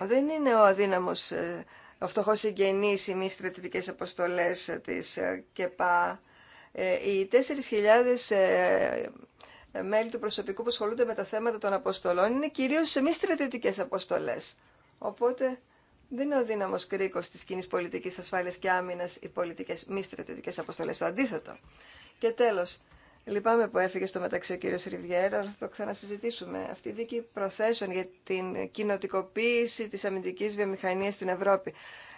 δεν είναι ο αδύναμος ε, ο φτωχό συγγενή, οι μη στρατιωτικέ αποστολέ τη ε, ΚΕΠΑ, ε, οι 4.000 ε, μέλη του προσωπικού που ασχολούνται με τα θέματα των αποστολών είναι κυρίω σε μη στρατιωτικέ αποστολέ. Οπότε δεν είναι ο δύναμο κρίκο τη κοινή πολιτική ασφάλεια και άμυνα οι πολιτικέ μη στρατιωτικέ αποστολές. Το αντίθετο. Και τέλο. Λυπάμαι που έφυγε στο μεταξύ ο κύριο Ριβιέρα, θα το ξανασυζητήσουμε. Αυτή η δίκη προθέσεων για την κοινοτικοποίηση τη αμυντική βιομηχανία στην Ευρώπη.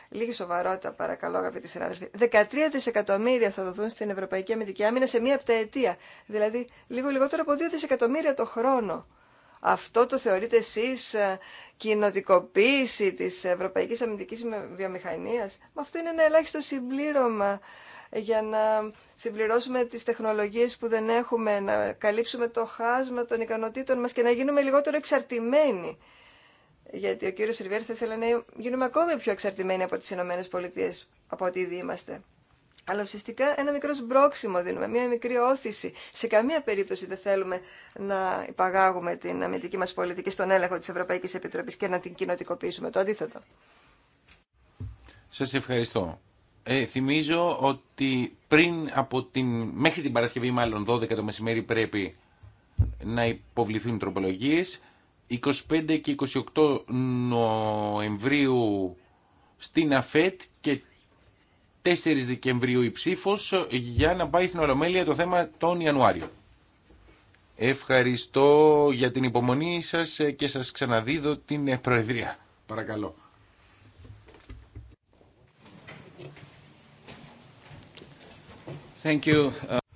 Λίγη σοβαρότητα, παρακαλώ, αγαπητοί συνάδελφοι. 13 δισεκατομμύρια θα δοθούν στην Ευρωπαϊκή Αμυντική Άμυνα σε μία αιτία. Δηλαδή, λίγο λιγότερο από 2 δισεκατομμύρια το χρόνο. Αυτό το θεωρείτε εσεί ε, κοινοτικοποίηση τη Ευρωπαϊκή Αμυντική Βιομηχανία. αυτό είναι ένα ελάχιστο συμπλήρωμα για να συμπληρώσουμε τις τεχνολογίες που δεν έχουμε, να καλύψουμε το χάσμα των ικανοτήτων μας και να γίνουμε λιγότερο εξαρτημένοι. Γιατί ο κύριος Ριβιέρ θα ήθελε να γίνουμε ακόμη πιο εξαρτημένοι από τις Ηνωμένες Πολιτείες, από ό,τι ήδη είμαστε. Αλλά ουσιαστικά ένα μικρό σμπρόξιμο δίνουμε, μια μικρή όθηση. Σε καμία περίπτωση δεν θέλουμε να υπαγάγουμε την αμυντική μα πολιτική στον έλεγχο τη Ευρωπαϊκή Επιτροπή και να την κοινοτικοποιήσουμε. Το αντίθετο. Σα ευχαριστώ. Ε, θυμίζω ότι πριν από την, μέχρι την Παρασκευή μάλλον 12 το μεσημέρι πρέπει να υποβληθούν οι τροπολογίες. 25 και 28 Νοεμβρίου στην ΑΦΕΤ και 4 Δεκεμβρίου η ψήφος για να πάει στην Ολομέλεια το θέμα τον Ιανουάριο. Ευχαριστώ για την υπομονή σας και σας ξαναδίδω την Προεδρία. Παρακαλώ. Thank you.